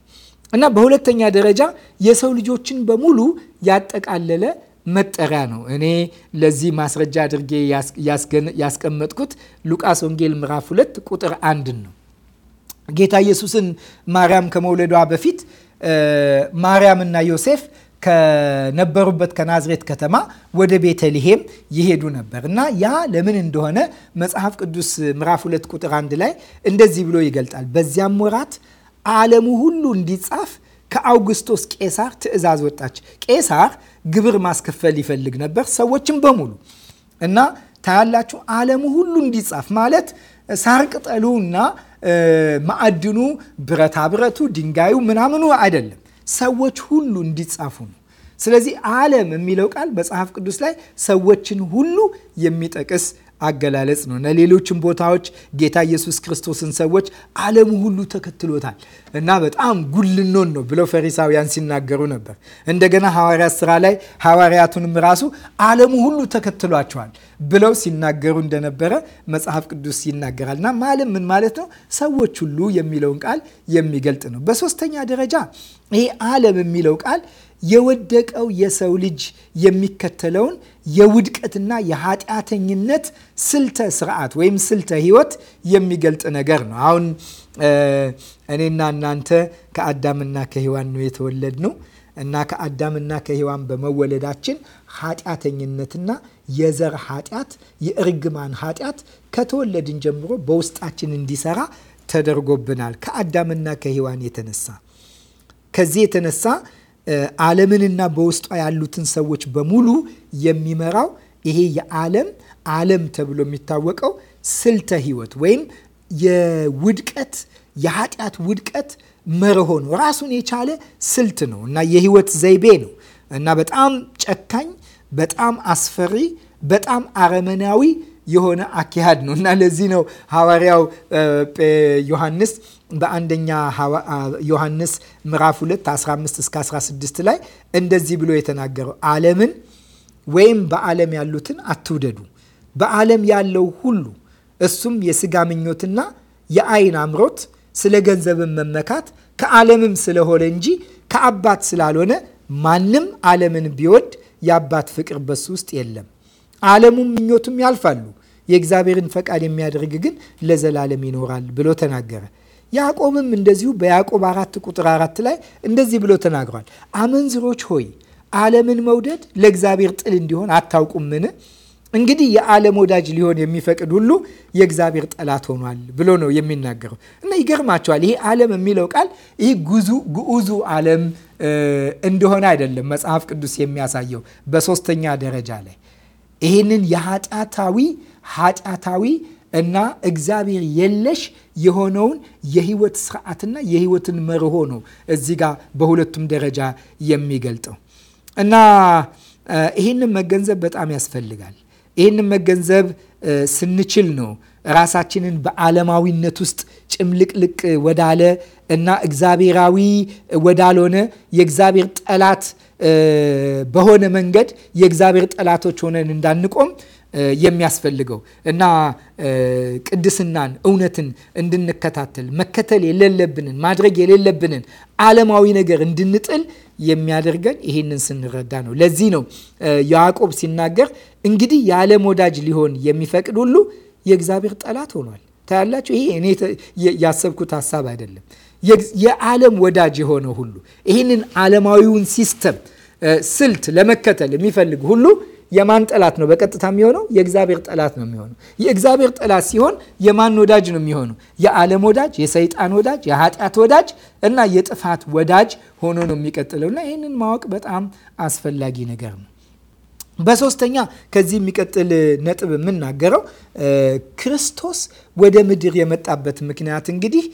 እና በሁለተኛ ደረጃ የሰው ልጆችን በሙሉ ያጠቃለለ መጠሪያ ነው። እኔ ለዚህ ማስረጃ አድርጌ ያስቀመጥኩት ሉቃስ ወንጌል ምዕራፍ ሁለት ቁጥር አንድን ነው። ጌታ ኢየሱስን ማርያም ከመውለዷ በፊት ማርያምና ዮሴፍ ከነበሩበት ከናዝሬት ከተማ ወደ ቤተልሔም ይሄዱ ነበር እና ያ ለምን እንደሆነ መጽሐፍ ቅዱስ ምዕራፍ ሁለት ቁጥር አንድ ላይ እንደዚህ ብሎ ይገልጣል። በዚያም ወራት ዓለሙ ሁሉ እንዲጻፍ ከአውግስቶስ ቄሳር ትእዛዝ ወጣች። ቄሳር ግብር ማስከፈል ይፈልግ ነበር፣ ሰዎችን በሙሉ እና ታያላችሁ፣ ዓለሙ ሁሉ እንዲጻፍ ማለት ሳር ቅጠሉ እና ማዕድኑ፣ ብረታ ብረቱ፣ ድንጋዩ ምናምኑ አይደለም፣ ሰዎች ሁሉ እንዲጻፉ ነው። ስለዚህ ዓለም የሚለው ቃል መጽሐፍ ቅዱስ ላይ ሰዎችን ሁሉ የሚጠቅስ አገላለጽ ነው። ሌሎችም ቦታዎች ጌታ ኢየሱስ ክርስቶስን ሰዎች ዓለሙ ሁሉ ተከትሎታል እና በጣም ጉልኖን ነው ብለው ፈሪሳውያን ሲናገሩ ነበር። እንደገና ሐዋርያት ስራ ላይ ሐዋርያቱንም ራሱ ዓለሙ ሁሉ ተከትሏቸዋል ብለው ሲናገሩ እንደነበረ መጽሐፍ ቅዱስ ይናገራል እና ማለም ምን ማለት ነው? ሰዎች ሁሉ የሚለውን ቃል የሚገልጥ ነው። በሶስተኛ ደረጃ ይሄ ዓለም የሚለው ቃል የወደቀው የሰው ልጅ የሚከተለውን የውድቀትና የኃጢአተኝነት ስልተ ስርዓት ወይም ስልተ ህይወት የሚገልጥ ነገር ነው። አሁን እኔና እናንተ ከአዳምና ከሔዋን ነው የተወለድ ነው እና ከአዳምና ከሔዋን በመወለዳችን ኃጢአተኝነትና የዘር ኃጢአት የእርግማን ኃጢአት ከተወለድን ጀምሮ በውስጣችን እንዲሰራ ተደርጎብናል። ከአዳምና ከሔዋን የተነሳ ከዚህ የተነሳ ዓለምንና በውስጧ ያሉትን ሰዎች በሙሉ የሚመራው ይሄ የዓለም ዓለም ተብሎ የሚታወቀው ስልተ ህይወት ወይም የውድቀት የኃጢአት ውድቀት መርሆ ነው። ራሱን የቻለ ስልት ነው እና የህይወት ዘይቤ ነው እና በጣም ጨካኝ፣ በጣም አስፈሪ፣ በጣም አረመናዊ የሆነ አካሄድ ነው እና ለዚህ ነው ሐዋርያው ዮሐንስ በአንደኛ ዮሐንስ ምዕራፍ 2 15 እስከ 16 ላይ እንደዚህ ብሎ የተናገረው ዓለምን ወይም በዓለም ያሉትን አትውደዱ። በዓለም ያለው ሁሉ እሱም የስጋ ምኞትና የአይን አምሮት፣ ስለ ገንዘብን መመካት ከዓለምም ስለሆነ እንጂ ከአባት ስላልሆነ ማንም ዓለምን ቢወድ የአባት ፍቅር በሱ ውስጥ የለም። ዓለሙም ምኞቱም ያልፋሉ፣ የእግዚአብሔርን ፈቃድ የሚያደርግ ግን ለዘላለም ይኖራል ብሎ ተናገረ። ያዕቆብም እንደዚሁ በያዕቆብ አራት ቁጥር አራት ላይ እንደዚህ ብሎ ተናግሯል። አመንዝሮች ሆይ ዓለምን መውደድ ለእግዚአብሔር ጥል እንዲሆን አታውቁምን? እንግዲህ የዓለም ወዳጅ ሊሆን የሚፈቅድ ሁሉ የእግዚአብሔር ጠላት ሆኗል ብሎ ነው የሚናገረው። እና ይገርማቸዋል። ይሄ ዓለም የሚለው ቃል ይህ ግዑዙ ዓለም እንደሆነ አይደለም መጽሐፍ ቅዱስ የሚያሳየው በሶስተኛ ደረጃ ላይ ይህንን የኃጢአታዊ ኃጢአታዊ እና እግዚአብሔር የለሽ የሆነውን የህይወት ስርዓትና የህይወትን መርሆ ነው እዚህ ጋር በሁለቱም ደረጃ የሚገልጠው እና ይህንን መገንዘብ በጣም ያስፈልጋል። ይህንን መገንዘብ ስንችል ነው ራሳችንን በዓለማዊነት ውስጥ ጭምልቅልቅ ወዳለ እና እግዚአብሔራዊ ወዳልሆነ የእግዚአብሔር ጠላት በሆነ መንገድ የእግዚአብሔር ጠላቶች ሆነን እንዳንቆም የሚያስፈልገው እና ቅድስናን፣ እውነትን እንድንከታተል መከተል የሌለብንን ማድረግ የሌለብንን ዓለማዊ ነገር እንድንጥል የሚያደርገን ይህንን ስንረዳ ነው። ለዚህ ነው ያዕቆብ ሲናገር እንግዲህ የዓለም ወዳጅ ሊሆን የሚፈቅድ ሁሉ የእግዚአብሔር ጠላት ሆኗል። ታያላችሁ። ይሄ እኔ ያሰብኩት ሀሳብ አይደለም። የዓለም ወዳጅ የሆነ ሁሉ ይህንን ዓለማዊውን ሲስተም ስልት ለመከተል የሚፈልግ ሁሉ የማን ጠላት ነው በቀጥታ የሚሆነው? የእግዚአብሔር ጠላት ነው የሚሆነው። የእግዚአብሔር ጠላት ሲሆን የማን ወዳጅ ነው የሚሆነው? የዓለም ወዳጅ፣ የሰይጣን ወዳጅ፣ የኃጢአት ወዳጅ እና የጥፋት ወዳጅ ሆኖ ነው የሚቀጥለው እና ይህንን ማወቅ በጣም አስፈላጊ ነገር ነው። በሶስተኛ ከዚህ የሚቀጥል ነጥብ የምናገረው ክርስቶስ ወደ ምድር የመጣበት ምክንያት እንግዲህ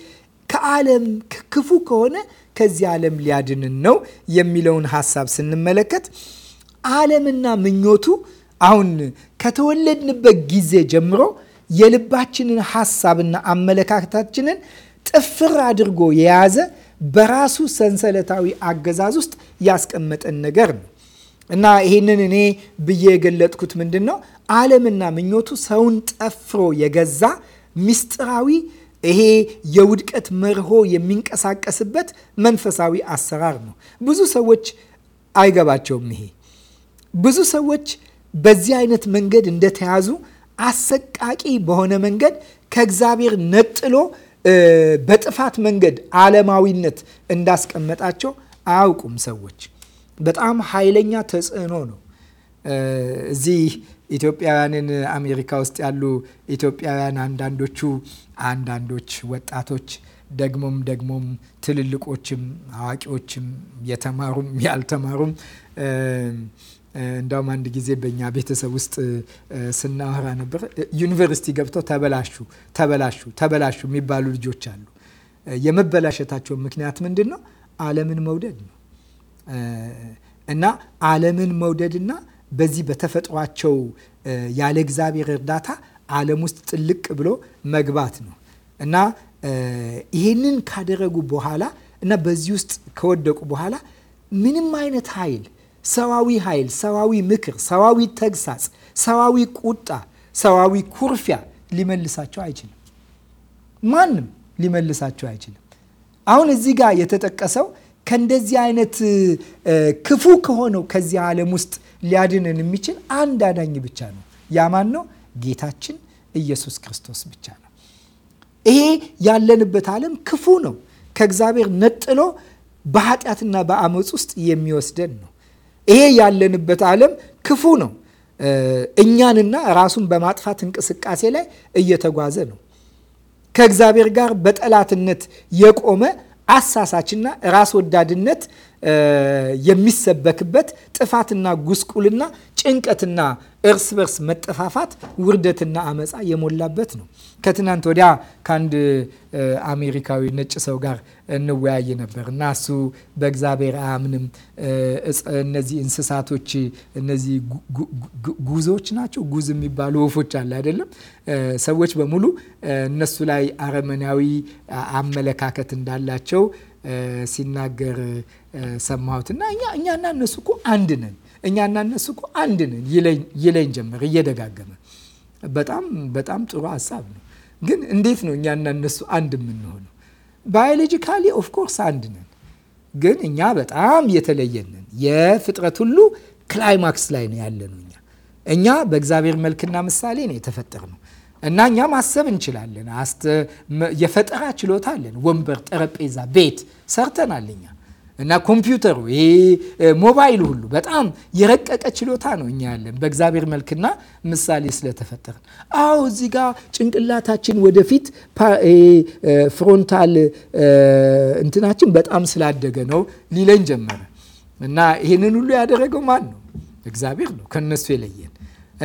ከዓለም ክፉ ከሆነ ከዚህ ዓለም ሊያድንን ነው የሚለውን ሀሳብ ስንመለከት ዓለምና ምኞቱ አሁን ከተወለድንበት ጊዜ ጀምሮ የልባችንን ሀሳብና አመለካከታችንን ጥፍር አድርጎ የያዘ በራሱ ሰንሰለታዊ አገዛዝ ውስጥ ያስቀመጠን ነገር ነው እና ይህንን እኔ ብዬ የገለጥኩት ምንድን ነው ዓለምና ምኞቱ ሰውን ጠፍሮ የገዛ ምስጢራዊ ይሄ የውድቀት መርሆ የሚንቀሳቀስበት መንፈሳዊ አሰራር ነው። ብዙ ሰዎች አይገባቸውም። ይሄ ብዙ ሰዎች በዚህ አይነት መንገድ እንደተያዙ አሰቃቂ በሆነ መንገድ ከእግዚአብሔር ነጥሎ በጥፋት መንገድ ዓለማዊነት እንዳስቀመጣቸው አያውቁም። ሰዎች በጣም ኃይለኛ ተጽዕኖ ነው እዚህ ኢትዮጵያውያንን አሜሪካ ውስጥ ያሉ ኢትዮጵያውያን አንዳንዶቹ አንዳንዶች ወጣቶች ደግሞም ደግሞም ትልልቆችም አዋቂዎችም የተማሩም <laughs> ያልተማሩም እንዳውም አንድ ጊዜ በእኛ ቤተሰብ ውስጥ ስናወራ ነበር። ዩኒቨርሲቲ ገብተው ተበላሹ ተበላሹ ተበላሹ የሚባሉ ልጆች አሉ። የመበላሸታቸው ምክንያት ምንድን ነው? ዓለምን መውደድ ነው እና ዓለምን መውደድና በዚህ በተፈጥሯቸው ያለ እግዚአብሔር እርዳታ ዓለም ውስጥ ጥልቅ ብሎ መግባት ነው እና ይሄንን ካደረጉ በኋላ እና በዚህ ውስጥ ከወደቁ በኋላ ምንም አይነት ኃይል ሰዋዊ ኃይል፣ ሰዋዊ ምክር፣ ሰዋዊ ተግሳጽ፣ ሰዋዊ ቁጣ፣ ሰዋዊ ኩርፊያ ሊመልሳቸው አይችልም። ማንም ሊመልሳቸው አይችልም። አሁን እዚህ ጋር የተጠቀሰው ከእንደዚህ አይነት ክፉ ከሆነው ከዚህ ዓለም ውስጥ ሊያድንን የሚችል አንድ አዳኝ ብቻ ነው። ያ ማን ነው? ጌታችን ኢየሱስ ክርስቶስ ብቻ ነው። ይሄ ያለንበት ዓለም ክፉ ነው። ከእግዚአብሔር ነጥሎ በኃጢአትና በአመፅ ውስጥ የሚወስደን ነው። ይሄ ያለንበት ዓለም ክፉ ነው። እኛንና ራሱን በማጥፋት እንቅስቃሴ ላይ እየተጓዘ ነው። ከእግዚአብሔር ጋር በጠላትነት የቆመ አሳሳችና ራስ ወዳድነት የሚሰበክበት ጥፋትና ጉስቁልና፣ ጭንቀትና እርስ በርስ መጠፋፋት፣ ውርደትና አመፃ የሞላበት ነው። ከትናንት ወዲያ ከአንድ አሜሪካዊ ነጭ ሰው ጋር እንወያይ ነበር እና እሱ በእግዚአብሔር አያምንም። እነዚህ እንስሳቶች እነዚህ ጉዞች ናቸው። ጉዝ የሚባሉ ወፎች አለ አይደለም? ሰዎች በሙሉ እነሱ ላይ አረመናዊ አመለካከት እንዳላቸው ሲናገር ሰማሁትና እኛ እኛና እነሱ እኮ አንድ ነን፣ እኛና እነሱ እኮ አንድ ነን ይለኝ ጀመር እየደጋገመ። በጣም በጣም ጥሩ ሀሳብ ነው። ግን እንዴት ነው እኛና እነሱ አንድ የምንሆነው? ባዮሎጂካሊ ኦፍኮርስ አንድ ነን፣ ግን እኛ በጣም የተለየንን የፍጥረት ሁሉ ክላይማክስ ላይ ነው ያለነው እኛ እኛ በእግዚአብሔር መልክና ምሳሌ ነው የተፈጠር ነው እና እኛ ማሰብ እንችላለን። አስተ የፈጠራ ችሎታ አለን። ወንበር፣ ጠረጴዛ፣ ቤት ሰርተናል እኛ እና ኮምፒውተሩ ይሄ ሞባይል ሁሉ በጣም የረቀቀ ችሎታ ነው እኛ ያለን በእግዚአብሔር መልክና ምሳሌ ስለተፈጠረ። አዎ እዚህ ጋር ጭንቅላታችን ወደፊት ፍሮንታል እንትናችን በጣም ስላደገ ነው ሊለን ጀመረ። እና ይህንን ሁሉ ያደረገው ማን ነው? እግዚአብሔር ነው። ከነሱ የለየን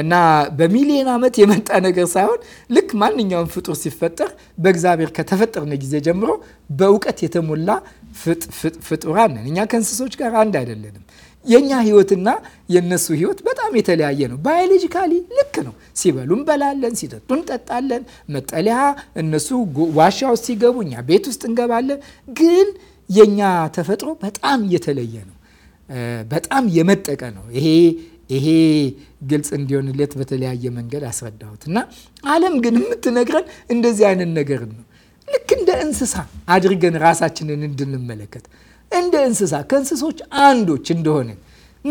እና በሚሊዮን ዓመት የመጣ ነገር ሳይሆን ልክ ማንኛውም ፍጡር ሲፈጠር በእግዚአብሔር ከተፈጠርን ጊዜ ጀምሮ በእውቀት የተሞላ ፍጡራን ነን። እኛ ከእንስሶች ጋር አንድ አይደለንም። የእኛ ህይወትና የእነሱ ህይወት በጣም የተለያየ ነው። ባዮሎጂካሊ ልክ ነው። ሲበሉ እንበላለን፣ ሲጠጡ እንጠጣለን። መጠለያ እነሱ ዋሻ ውስጥ ሲገቡ እኛ ቤት ውስጥ እንገባለን። ግን የእኛ ተፈጥሮ በጣም የተለየ ነው። በጣም የመጠቀ ነው ይሄ ይሄ ግልጽ እንዲሆንለት በተለያየ መንገድ አስረዳሁት እና ዓለም ግን የምትነግረን እንደዚህ አይነት ነገር ነው። ልክ እንደ እንስሳ አድርገን ራሳችንን እንድንመለከት እንደ እንስሳ ከእንስሶች አንዶች እንደሆነን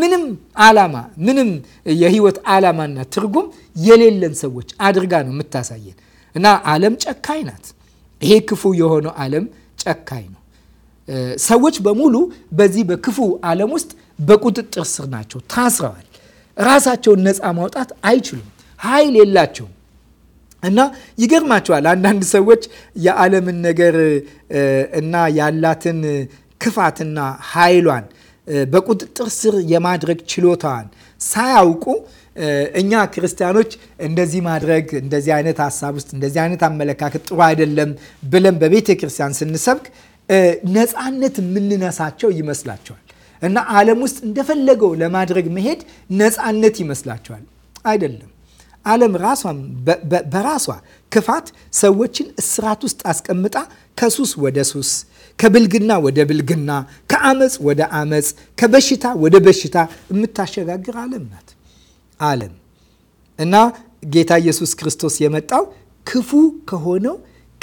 ምንም ዓላማ ምንም የህይወት ዓላማና ትርጉም የሌለን ሰዎች አድርጋ ነው የምታሳየን እና ዓለም ጨካኝ ናት። ይሄ ክፉ የሆነው ዓለም ጨካኝ ነው። ሰዎች በሙሉ በዚህ በክፉ ዓለም ውስጥ በቁጥጥር ስር ናቸው፣ ታስረዋል። ራሳቸውን ነፃ ማውጣት አይችሉም። ኃይል የላቸውም። እና ይገርማቸዋል። አንዳንድ ሰዎች የዓለምን ነገር እና ያላትን ክፋትና ኃይሏን በቁጥጥር ስር የማድረግ ችሎታዋን ሳያውቁ እኛ ክርስቲያኖች እንደዚህ ማድረግ እንደዚህ አይነት ሀሳብ ውስጥ እንደዚህ አይነት አመለካከት ጥሩ አይደለም ብለን በቤተ ክርስቲያን ስንሰብክ ነፃነት የምንነሳቸው ይመስላቸዋል። እና ዓለም ውስጥ እንደፈለገው ለማድረግ መሄድ ነፃነት ይመስላቸዋል። አይደለም። ዓለም በራሷ ክፋት ሰዎችን እስራት ውስጥ አስቀምጣ ከሱስ ወደ ሱስ፣ ከብልግና ወደ ብልግና፣ ከአመፅ ወደ አመፅ፣ ከበሽታ ወደ በሽታ የምታሸጋግር ዓለም ናት ዓለም እና ጌታ ኢየሱስ ክርስቶስ የመጣው ክፉ ከሆነው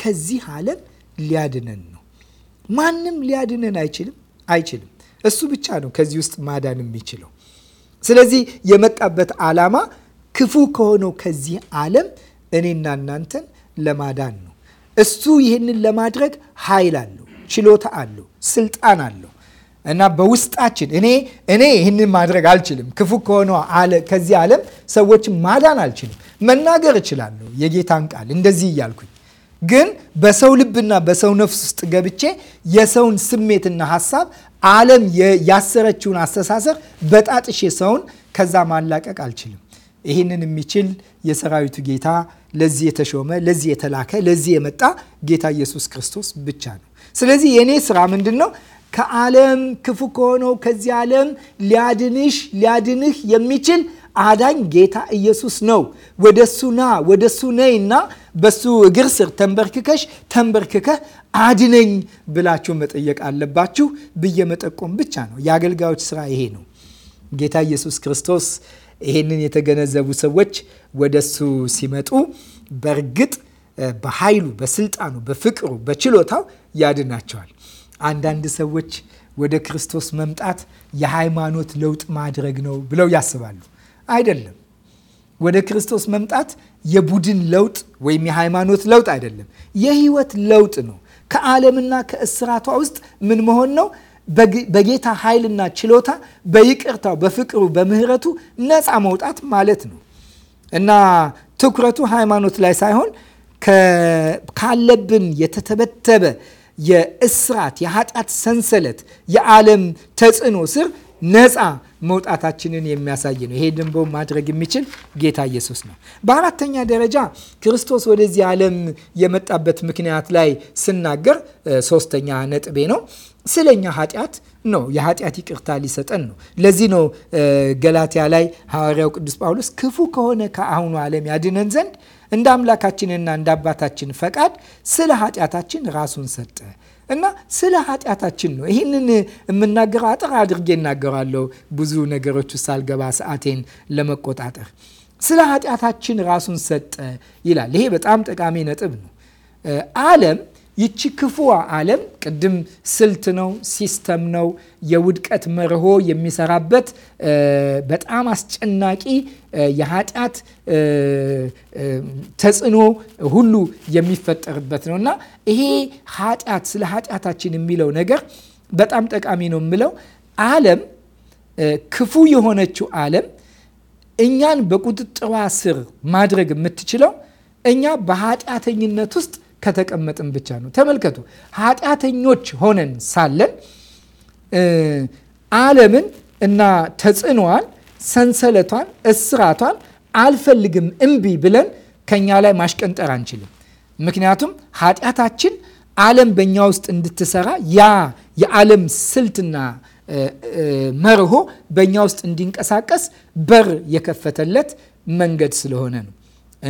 ከዚህ ዓለም ሊያድነን ነው። ማንም ሊያድነን አይችልም አይችልም። እሱ ብቻ ነው ከዚህ ውስጥ ማዳን የሚችለው። ስለዚህ የመጣበት ዓላማ ክፉ ከሆነው ከዚህ ዓለም እኔና እናንተን ለማዳን ነው። እሱ ይህንን ለማድረግ ኃይል አለው፣ ችሎታ አለው፣ ስልጣን አለው እና በውስጣችን እኔ እኔ ይህንን ማድረግ አልችልም። ክፉ ከሆነ ከዚህ ዓለም ሰዎችን ማዳን አልችልም። መናገር እችላለሁ የጌታን ቃል እንደዚህ እያልኩኝ ግን በሰው ልብና በሰው ነፍስ ውስጥ ገብቼ የሰውን ስሜትና ሀሳብ ዓለም ያሰረችውን አስተሳሰብ በጣጥሼ ሰውን ከዛ ማላቀቅ አልችልም። ይህንን የሚችል የሰራዊቱ ጌታ ለዚህ የተሾመ ለዚህ የተላከ ለዚህ የመጣ ጌታ ኢየሱስ ክርስቶስ ብቻ ነው። ስለዚህ የእኔ ስራ ምንድን ነው? ከዓለም ክፉ ከሆነው ከዚህ ዓለም ሊያድንሽ ሊያድንህ የሚችል አዳኝ ጌታ ኢየሱስ ነው። ወደ እሱ ና፣ ወደ እሱ በሱ እግር ስር ተንበርክከሽ ተንበርክከህ አድነኝ ብላችሁ መጠየቅ አለባችሁ ብዬ መጠቆም ብቻ ነው። የአገልጋዮች ስራ ይሄ ነው። ጌታ ኢየሱስ ክርስቶስ ይሄንን የተገነዘቡ ሰዎች ወደ እሱ ሲመጡ በእርግጥ በኃይሉ፣ በስልጣኑ፣ በፍቅሩ፣ በችሎታው ያድናቸዋል። አንዳንድ ሰዎች ወደ ክርስቶስ መምጣት የሃይማኖት ለውጥ ማድረግ ነው ብለው ያስባሉ። አይደለም። ወደ ክርስቶስ መምጣት የቡድን ለውጥ ወይም የሃይማኖት ለውጥ አይደለም፣ የህይወት ለውጥ ነው። ከዓለምና ከእስራቷ ውስጥ ምን መሆን ነው? በጌታ ኃይልና ችሎታ፣ በይቅርታው፣ በፍቅሩ፣ በምህረቱ ነፃ መውጣት ማለት ነው እና ትኩረቱ ሃይማኖት ላይ ሳይሆን ካለብን የተተበተበ የእስራት የኃጢአት ሰንሰለት የዓለም ተጽዕኖ ስር ነፃ መውጣታችንን የሚያሳይ ነው። ይሄ ደግሞ ማድረግ የሚችል ጌታ ኢየሱስ ነው። በአራተኛ ደረጃ ክርስቶስ ወደዚህ ዓለም የመጣበት ምክንያት ላይ ስናገር ሶስተኛ ነጥቤ ነው። ስለኛ ኃጢአት ነው። የኃጢአት ይቅርታ ሊሰጠን ነው። ለዚህ ነው ገላትያ ላይ ሐዋርያው ቅዱስ ጳውሎስ ክፉ ከሆነ ከአሁኑ ዓለም ያድነን ዘንድ እንደ አምላካችንና እንደ አባታችን ፈቃድ ስለ ኃጢአታችን ራሱን ሰጠ እና ስለ ኃጢአታችን ነው ይህንን የምናገረው። አጥር አድርጌ እናገራለሁ ብዙ ነገሮች ውስጥ ሳልገባ ሰዓቴን ለመቆጣጠር። ስለ ኃጢአታችን ራሱን ሰጠ ይላል። ይሄ በጣም ጠቃሚ ነጥብ ነው። ዓለም ይቺ ክፉዋ ዓለም ቅድም ስልት ነው፣ ሲስተም ነው፣ የውድቀት መርሆ የሚሰራበት በጣም አስጨናቂ የኃጢአት ተጽዕኖ ሁሉ የሚፈጠርበት ነው እና ይሄ ኃጢአት ስለ ኃጢአታችን የሚለው ነገር በጣም ጠቃሚ ነው የምለው ዓለም ክፉ የሆነችው ዓለም እኛን በቁጥጥሯ ስር ማድረግ የምትችለው እኛ በኃጢአተኝነት ውስጥ ከተቀመጥን ብቻ ነው። ተመልከቱ፣ ኃጢአተኞች ሆነን ሳለን ዓለምን እና ተጽዕኖዋን፣ ሰንሰለቷን፣ እስራቷን አልፈልግም እምቢ ብለን ከኛ ላይ ማሽቀንጠር አንችልም። ምክንያቱም ኃጢአታችን ዓለም በእኛ ውስጥ እንድትሰራ ያ የዓለም ስልትና መርሆ በእኛ ውስጥ እንዲንቀሳቀስ በር የከፈተለት መንገድ ስለሆነ ነው።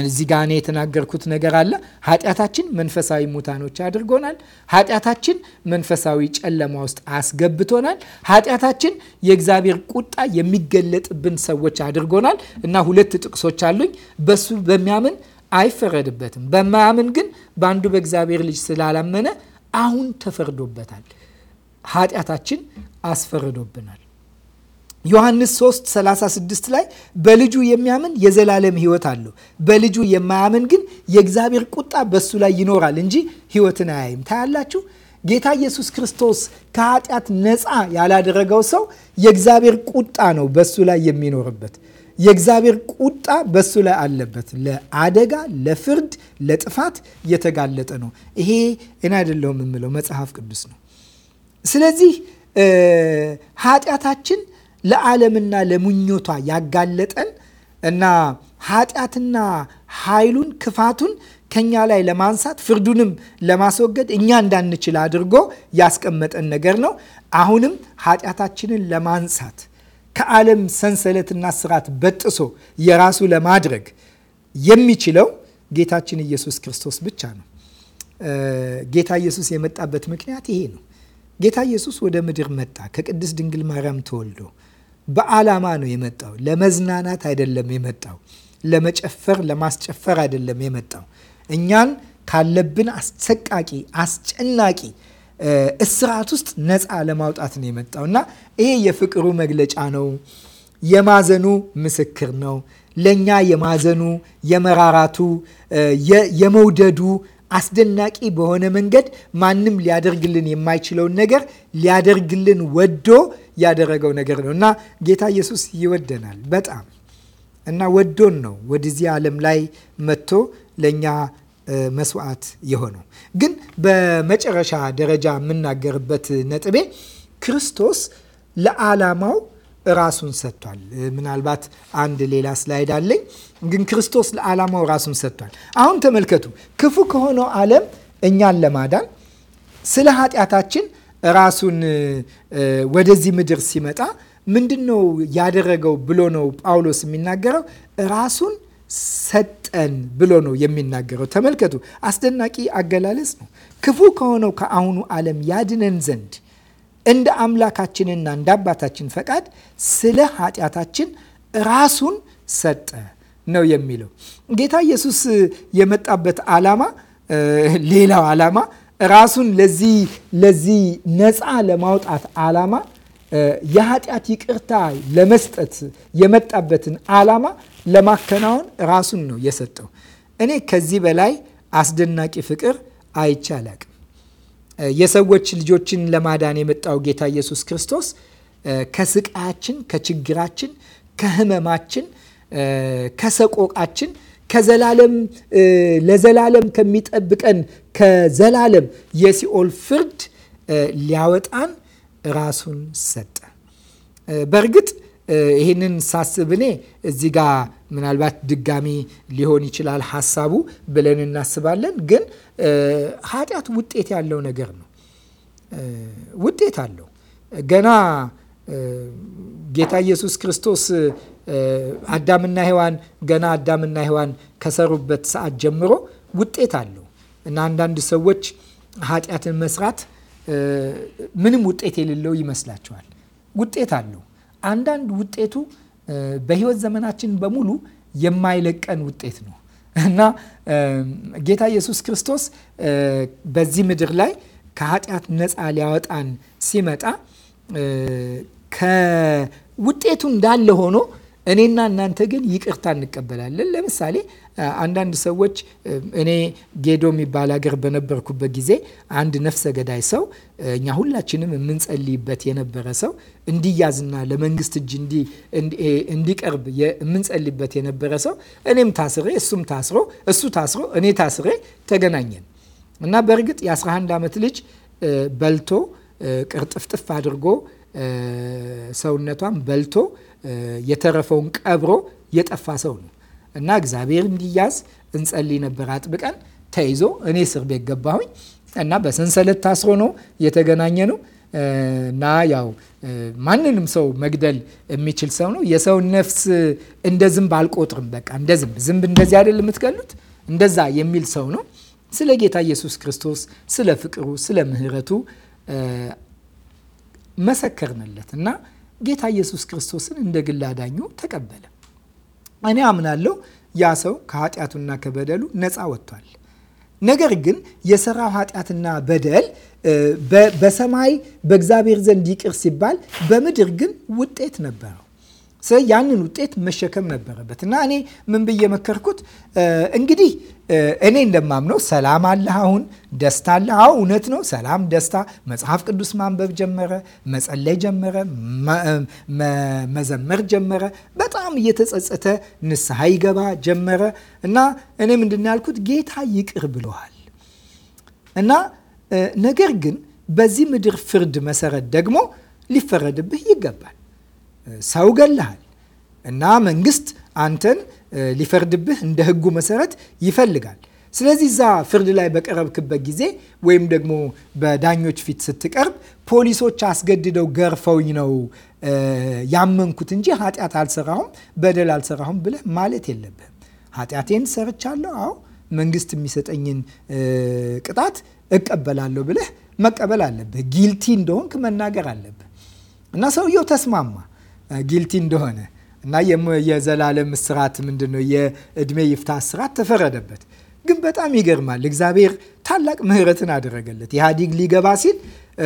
እዚህ ጋ እኔ የተናገርኩት ነገር አለ። ኃጢአታችን መንፈሳዊ ሙታኖች አድርጎናል። ኃጢአታችን መንፈሳዊ ጨለማ ውስጥ አስገብቶናል። ኃጢአታችን የእግዚአብሔር ቁጣ የሚገለጥብን ሰዎች አድርጎናል እና ሁለት ጥቅሶች አሉኝ። በሱ በሚያምን አይፈረድበትም፣ በማያምን ግን በአንዱ በእግዚአብሔር ልጅ ስላላመነ አሁን ተፈርዶበታል። ኃጢአታችን አስፈርዶብናል። ዮሐንስ 3 36 ላይ በልጁ የሚያምን የዘላለም ህይወት አለው፣ በልጁ የማያምን ግን የእግዚአብሔር ቁጣ በሱ ላይ ይኖራል እንጂ ህይወትን አያይም። ታያላችሁ። ጌታ ኢየሱስ ክርስቶስ ከኃጢአት ነፃ ያላደረገው ሰው የእግዚአብሔር ቁጣ ነው በሱ ላይ የሚኖርበት። የእግዚአብሔር ቁጣ በሱ ላይ አለበት። ለአደጋ፣ ለፍርድ፣ ለጥፋት የተጋለጠ ነው። ይሄ እኔ አይደለሁም የምለው መጽሐፍ ቅዱስ ነው። ስለዚህ ኃጢአታችን ለዓለምና ለምኞቷ ያጋለጠን እና ኃጢአትና ኃይሉን ክፋቱን ከኛ ላይ ለማንሳት ፍርዱንም ለማስወገድ እኛ እንዳንችል አድርጎ ያስቀመጠን ነገር ነው። አሁንም ኃጢአታችንን ለማንሳት ከዓለም ሰንሰለትና ስርዓት በጥሶ የራሱ ለማድረግ የሚችለው ጌታችን ኢየሱስ ክርስቶስ ብቻ ነው። ጌታ ኢየሱስ የመጣበት ምክንያት ይሄ ነው። ጌታ ኢየሱስ ወደ ምድር መጣ ከቅድስት ድንግል ማርያም ተወልዶ በዓላማ ነው የመጣው። ለመዝናናት አይደለም የመጣው። ለመጨፈር ለማስጨፈር አይደለም የመጣው። እኛን ካለብን አሰቃቂ አስጨናቂ እስራት ውስጥ ነፃ ለማውጣት ነው የመጣው እና ይሄ የፍቅሩ መግለጫ ነው። የማዘኑ ምስክር ነው። ለእኛ የማዘኑ የመራራቱ፣ የመውደዱ አስደናቂ በሆነ መንገድ ማንም ሊያደርግልን የማይችለውን ነገር ሊያደርግልን ወዶ ያደረገው ነገር ነው እና ጌታ ኢየሱስ ይወደናል በጣም እና ወዶን ነው ወደዚህ ዓለም ላይ መጥቶ ለእኛ መስዋዕት የሆነው። ግን በመጨረሻ ደረጃ የምናገርበት ነጥቤ ክርስቶስ ለዓላማው ራሱን ሰጥቷል። ምናልባት አንድ ሌላ ስላይድ አለኝ፣ ግን ክርስቶስ ለዓላማው ራሱን ሰጥቷል። አሁን ተመልከቱ። ክፉ ከሆነው ዓለም እኛን ለማዳን ስለ ኃጢአታችን ራሱን ወደዚህ ምድር ሲመጣ ምንድን ነው ያደረገው ብሎ ነው ጳውሎስ የሚናገረው። ራሱን ሰጠን ብሎ ነው የሚናገረው። ተመልከቱ፣ አስደናቂ አገላለጽ ነው። ክፉ ከሆነው ከአሁኑ ዓለም ያድነን ዘንድ እንደ አምላካችንና እንደ አባታችን ፈቃድ ስለ ኃጢአታችን ራሱን ሰጠ ነው የሚለው። ጌታ ኢየሱስ የመጣበት ዓላማ ሌላው ዓላማ ራሱን ለዚህ ለዚህ ነፃ ለማውጣት ዓላማ የኃጢአት ይቅርታ ለመስጠት የመጣበትን ዓላማ ለማከናወን ራሱን ነው የሰጠው። እኔ ከዚህ በላይ አስደናቂ ፍቅር አይቻላቅ የሰዎች ልጆችን ለማዳን የመጣው ጌታ ኢየሱስ ክርስቶስ ከስቃያችን፣ ከችግራችን፣ ከህመማችን፣ ከሰቆቃችን ከዘላለም ለዘላለም ከሚጠብቀን ከዘላለም የሲኦል ፍርድ ሊያወጣን ራሱን ሰጠ። በእርግጥ ይህንን ሳስብ እኔ እዚ ጋ ምናልባት ድጋሚ ሊሆን ይችላል ሀሳቡ ብለን እናስባለን። ግን ኃጢአት ውጤት ያለው ነገር ነው። ውጤት አለው። ገና ጌታ ኢየሱስ ክርስቶስ አዳምና ሔዋን ገና አዳምና ሔዋን ከሰሩበት ሰዓት ጀምሮ ውጤት አለው እና አንዳንድ ሰዎች ኃጢአትን መስራት ምንም ውጤት የሌለው ይመስላቸዋል። ውጤት አለው። አንዳንድ ውጤቱ በህይወት ዘመናችን በሙሉ የማይለቀን ውጤት ነው እና ጌታ ኢየሱስ ክርስቶስ በዚህ ምድር ላይ ከኃጢአት ነፃ ሊያወጣን ሲመጣ ከውጤቱ እንዳለ ሆኖ እኔና እናንተ ግን ይቅርታ እንቀበላለን። ለምሳሌ አንዳንድ ሰዎች እኔ ጌዶ የሚባል ሀገር በነበርኩበት ጊዜ አንድ ነፍሰ ገዳይ ሰው እኛ ሁላችንም የምንጸልይበት የነበረ ሰው እንዲያዝና ለመንግስት እጅ እንዲቀርብ የምንጸልይበት የነበረ ሰው እኔም ታስሬ እሱም ታስሮ እሱ ታስሮ እኔ ታስሬ ተገናኘን እና በእርግጥ የ11 ዓመት ልጅ በልቶ ቅርጥፍጥፍ አድርጎ ሰውነቷን በልቶ የተረፈውን ቀብሮ የጠፋ ሰው ነው። እና እግዚአብሔር እንዲያዝ እንጸልይ ነበር አጥብቀን። ተይዞ እኔ እስር ቤት ገባሁኝ እና በሰንሰለት ታስሮ ነው የተገናኘ ነው እና ያው ማንንም ሰው መግደል የሚችል ሰው ነው። የሰውን ነፍስ እንደ ዝንብ አልቆጥርም። በቃ እንደ ዝንብ ዝንብ እንደዚህ አይደል የምትገሉት እንደዛ የሚል ሰው ነው። ስለ ጌታ ኢየሱስ ክርስቶስ ስለ ፍቅሩ፣ ስለ ምሕረቱ መሰከርንለት እና ጌታ ኢየሱስ ክርስቶስን እንደ ግል አዳኙ ተቀበለ። እኔ አምናለሁ ያ ሰው ከኃጢአቱና ከበደሉ ነፃ ወጥቷል። ነገር ግን የሰራው ኃጢአትና በደል በሰማይ በእግዚአብሔር ዘንድ ይቅር ሲባል በምድር ግን ውጤት ነበረው። ያንን ውጤት መሸከም ነበረበት እና እኔ ምን ብዬ መከርኩት? እንግዲህ እኔ እንደማምነው ሰላም አለህ፣ አሁን ደስታ አለህ። አዎ እውነት ነው፣ ሰላም ደስታ። መጽሐፍ ቅዱስ ማንበብ ጀመረ፣ መጸለይ ጀመረ፣ መዘመር ጀመረ። በጣም እየተጸጸተ ንስሐ ይገባ ጀመረ እና እኔ ምንድን ያልኩት ጌታ ይቅር ብለዋል እና ነገር ግን በዚህ ምድር ፍርድ መሰረት ደግሞ ሊፈረድብህ ይገባል ሰው ገለሃል እና መንግስት አንተን ሊፈርድብህ እንደ ህጉ መሰረት ይፈልጋል። ስለዚህ እዛ ፍርድ ላይ በቀረብክበት ጊዜ ወይም ደግሞ በዳኞች ፊት ስትቀርብ ፖሊሶች አስገድደው ገርፈውኝ ነው ያመንኩት እንጂ ኃጢአት አልሰራሁም፣ በደል አልሰራሁም ብለህ ማለት የለብህም። ኃጢአቴን ሰርቻለሁ፣ አዎ መንግስት የሚሰጠኝን ቅጣት እቀበላለሁ ብለህ መቀበል አለብህ። ጊልቲ እንደሆንክ መናገር አለብህ እና ሰውየው ተስማማ። ጊልቲ እንደሆነ እና የዘላለም እስራት ምንድን ነው የእድሜ ይፍታ እስራት ተፈረደበት። ግን በጣም ይገርማል። እግዚአብሔር ታላቅ ምሕረትን አደረገለት። ኢህአዴግ ሊገባ ሲል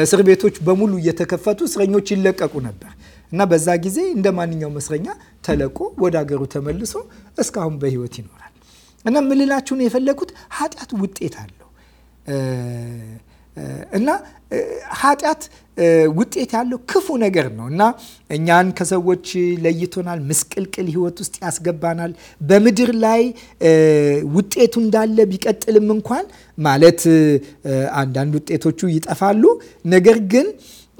እስር ቤቶች በሙሉ እየተከፈቱ እስረኞች ይለቀቁ ነበር እና በዛ ጊዜ እንደ ማንኛውም እስረኛ ተለቆ ወደ አገሩ ተመልሶ እስካሁን በህይወት ይኖራል እና ምልላችሁን የፈለጉት ኃጢአት ውጤት አለው እና ኃጢአት ውጤት ያለው ክፉ ነገር ነው እና እኛን ከሰዎች ለይቶናል፣ ምስቅልቅል ህይወት ውስጥ ያስገባናል። በምድር ላይ ውጤቱ እንዳለ ቢቀጥልም እንኳን ማለት አንዳንድ ውጤቶቹ ይጠፋሉ። ነገር ግን